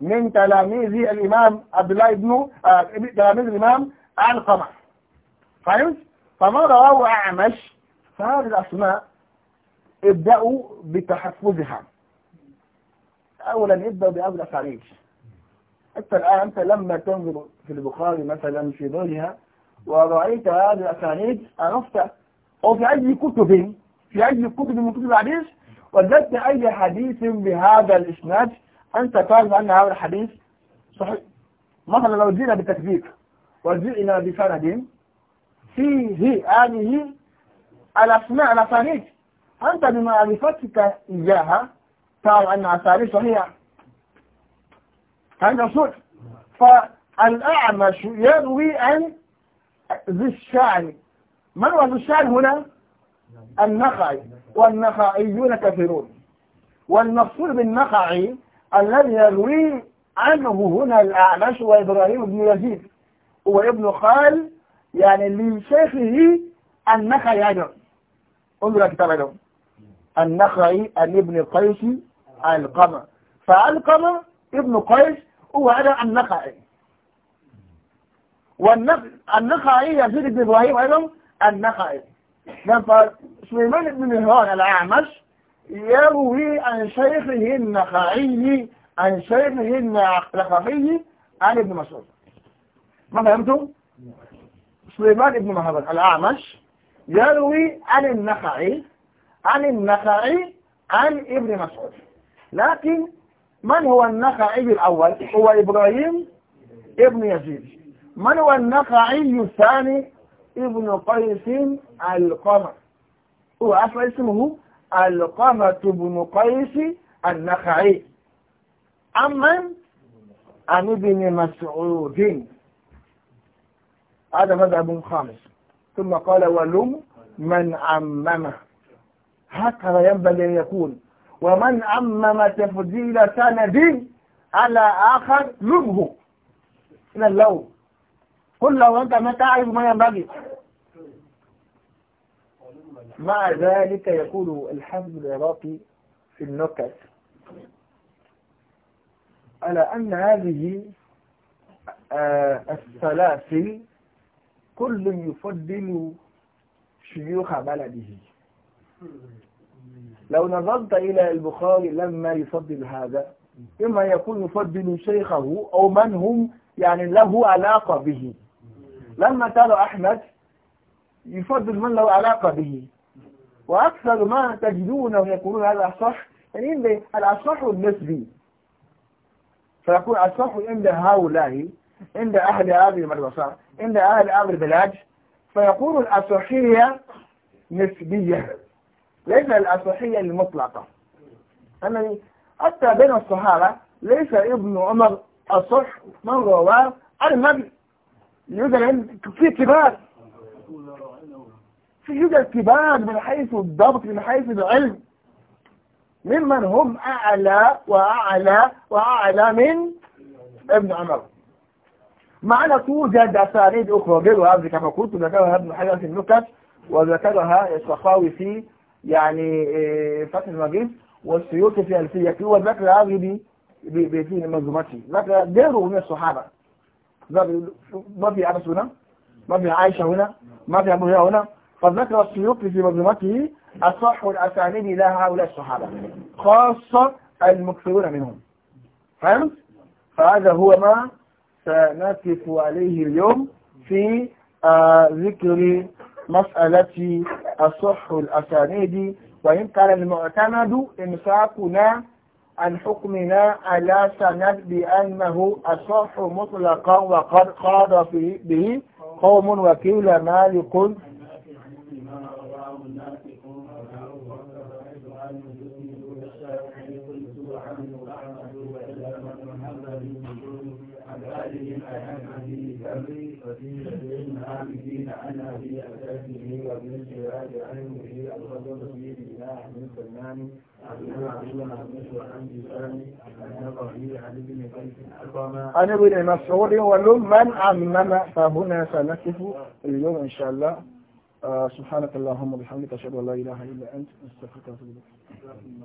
من تلاميذ الإمام عبد الله بن آه، تلاميذ الإمام القمع فهمت؟ فما رواه أعمش فهذه الأسماء ابدأوا بتحفظها أولا ابدأوا بأبو الأساليب حتى الآن أنت لما تنظر في البخاري مثلا في ظلها ورأيت هذه الأسانيد عرفت أو في أي كتب في أي كتب من كتب الحديث وجدت أي حديث بهذا الإسناد أنت تعرف أن هذا الحديث صحيح مثلا لو جئنا بتكذيب وجئنا بسند فيه هذه الأسماء الأسانيد أنت بمعرفتك إياها تعرف أن أسانيد صحيحة هذا صدق فالأعمش يروي عن ذي الشعر من هو ذي الشعر هنا؟ النخعي والنخعيون كثيرون والمقصود بالنخعي الذي يروي عنه هنا الأعمش وإبراهيم بن يزيد وابن خال يعني لشيخه النخعي أيضا انظر الكتاب أيضا النخعي عن ابن قيس القمر فالقمة ابن قيس هو هذا النخعي والنخعي يزيد بن إبراهيم أيضا النخعي فسليمان بن مهران الأعمش يروي عن شيخه النخعي عن شيخه النخعي عن ابن مسعود ما فهمتم؟ سليمان بن مهران الأعمش يروي عن النخعي عن النخعي عن ابن مسعود لكن من هو النخعي الأول هو إبراهيم ابن يزيد من هو النخعي الثاني ابن قيس القمر هو أصلا اسمه القمة بن قيس النخعي عمن عن ابن مسعود هذا مذهب خامس ثم قال ولم من عممه هكذا ينبغي أن يكون ومن عمم تفضيل سند على آخر لبه إلى اللو قل لو أنت ما تعرف ما ينبغي مع ذلك يقول الحافظ العراقي في النكت على أن هذه آه السلاسل كل يفضل شيوخ بلده لو نظرت إلى البخاري لما يفضل هذا إما يكون يفضل شيخه أو من هم يعني له علاقة به لما ترى أحمد يفضل من له علاقة به وأكثر ما تجدونه يقولون هذا أصح يعني إن الأصح النسبي فيكون أصح عند هؤلاء عند أهل هذه المدرسة عند أهل هذه البلاد فيقول الأصحية نسبية ليس الأصحية المطلقة أنني حتى بين الصحابة ليس ابن عمر أصح من رواه عن النبي يوجد في كبار في يوجد كبار من حيث الضبط من حيث العلم ممن هم أعلى وأعلى وأعلى من ابن عمر مع أن توجد أساليب أخرى غير هذه كما قلت ذكرها ابن حجر في النكت وذكرها السخاوي في يعني إيه، فتح المجيد والسيوطي في ألفيته والبكر العربي في منظومته لكن غيره من الصحابة ما في أنس هنا ما في عائشة هنا ما في أبو هريرة هنا فذكر السيوطي في منظومته أصح الأسانيد إلى هؤلاء الصحابة خاصة المكثرون منهم فهمت؟ فهذا هو ما سنقف عليه اليوم في آه، ذكر مسألة الصح الأسانيد وإن كان المعتمد إمساكنا عن حكمنا على سند بأنه الصح مطلقا وقد قاد به قوم وكيل مالك Thank you. حامدين عن أبي أساسه وابن الجواد عنه الرجل في الله بن سلمان عن ابن مسعود ولمن عمم فهنا سنقف اليوم إن شاء الله آه، سبحانك اللهم وبحمدك أشهد أن لا إله إلا أنت أستغفرك وأتوب إليك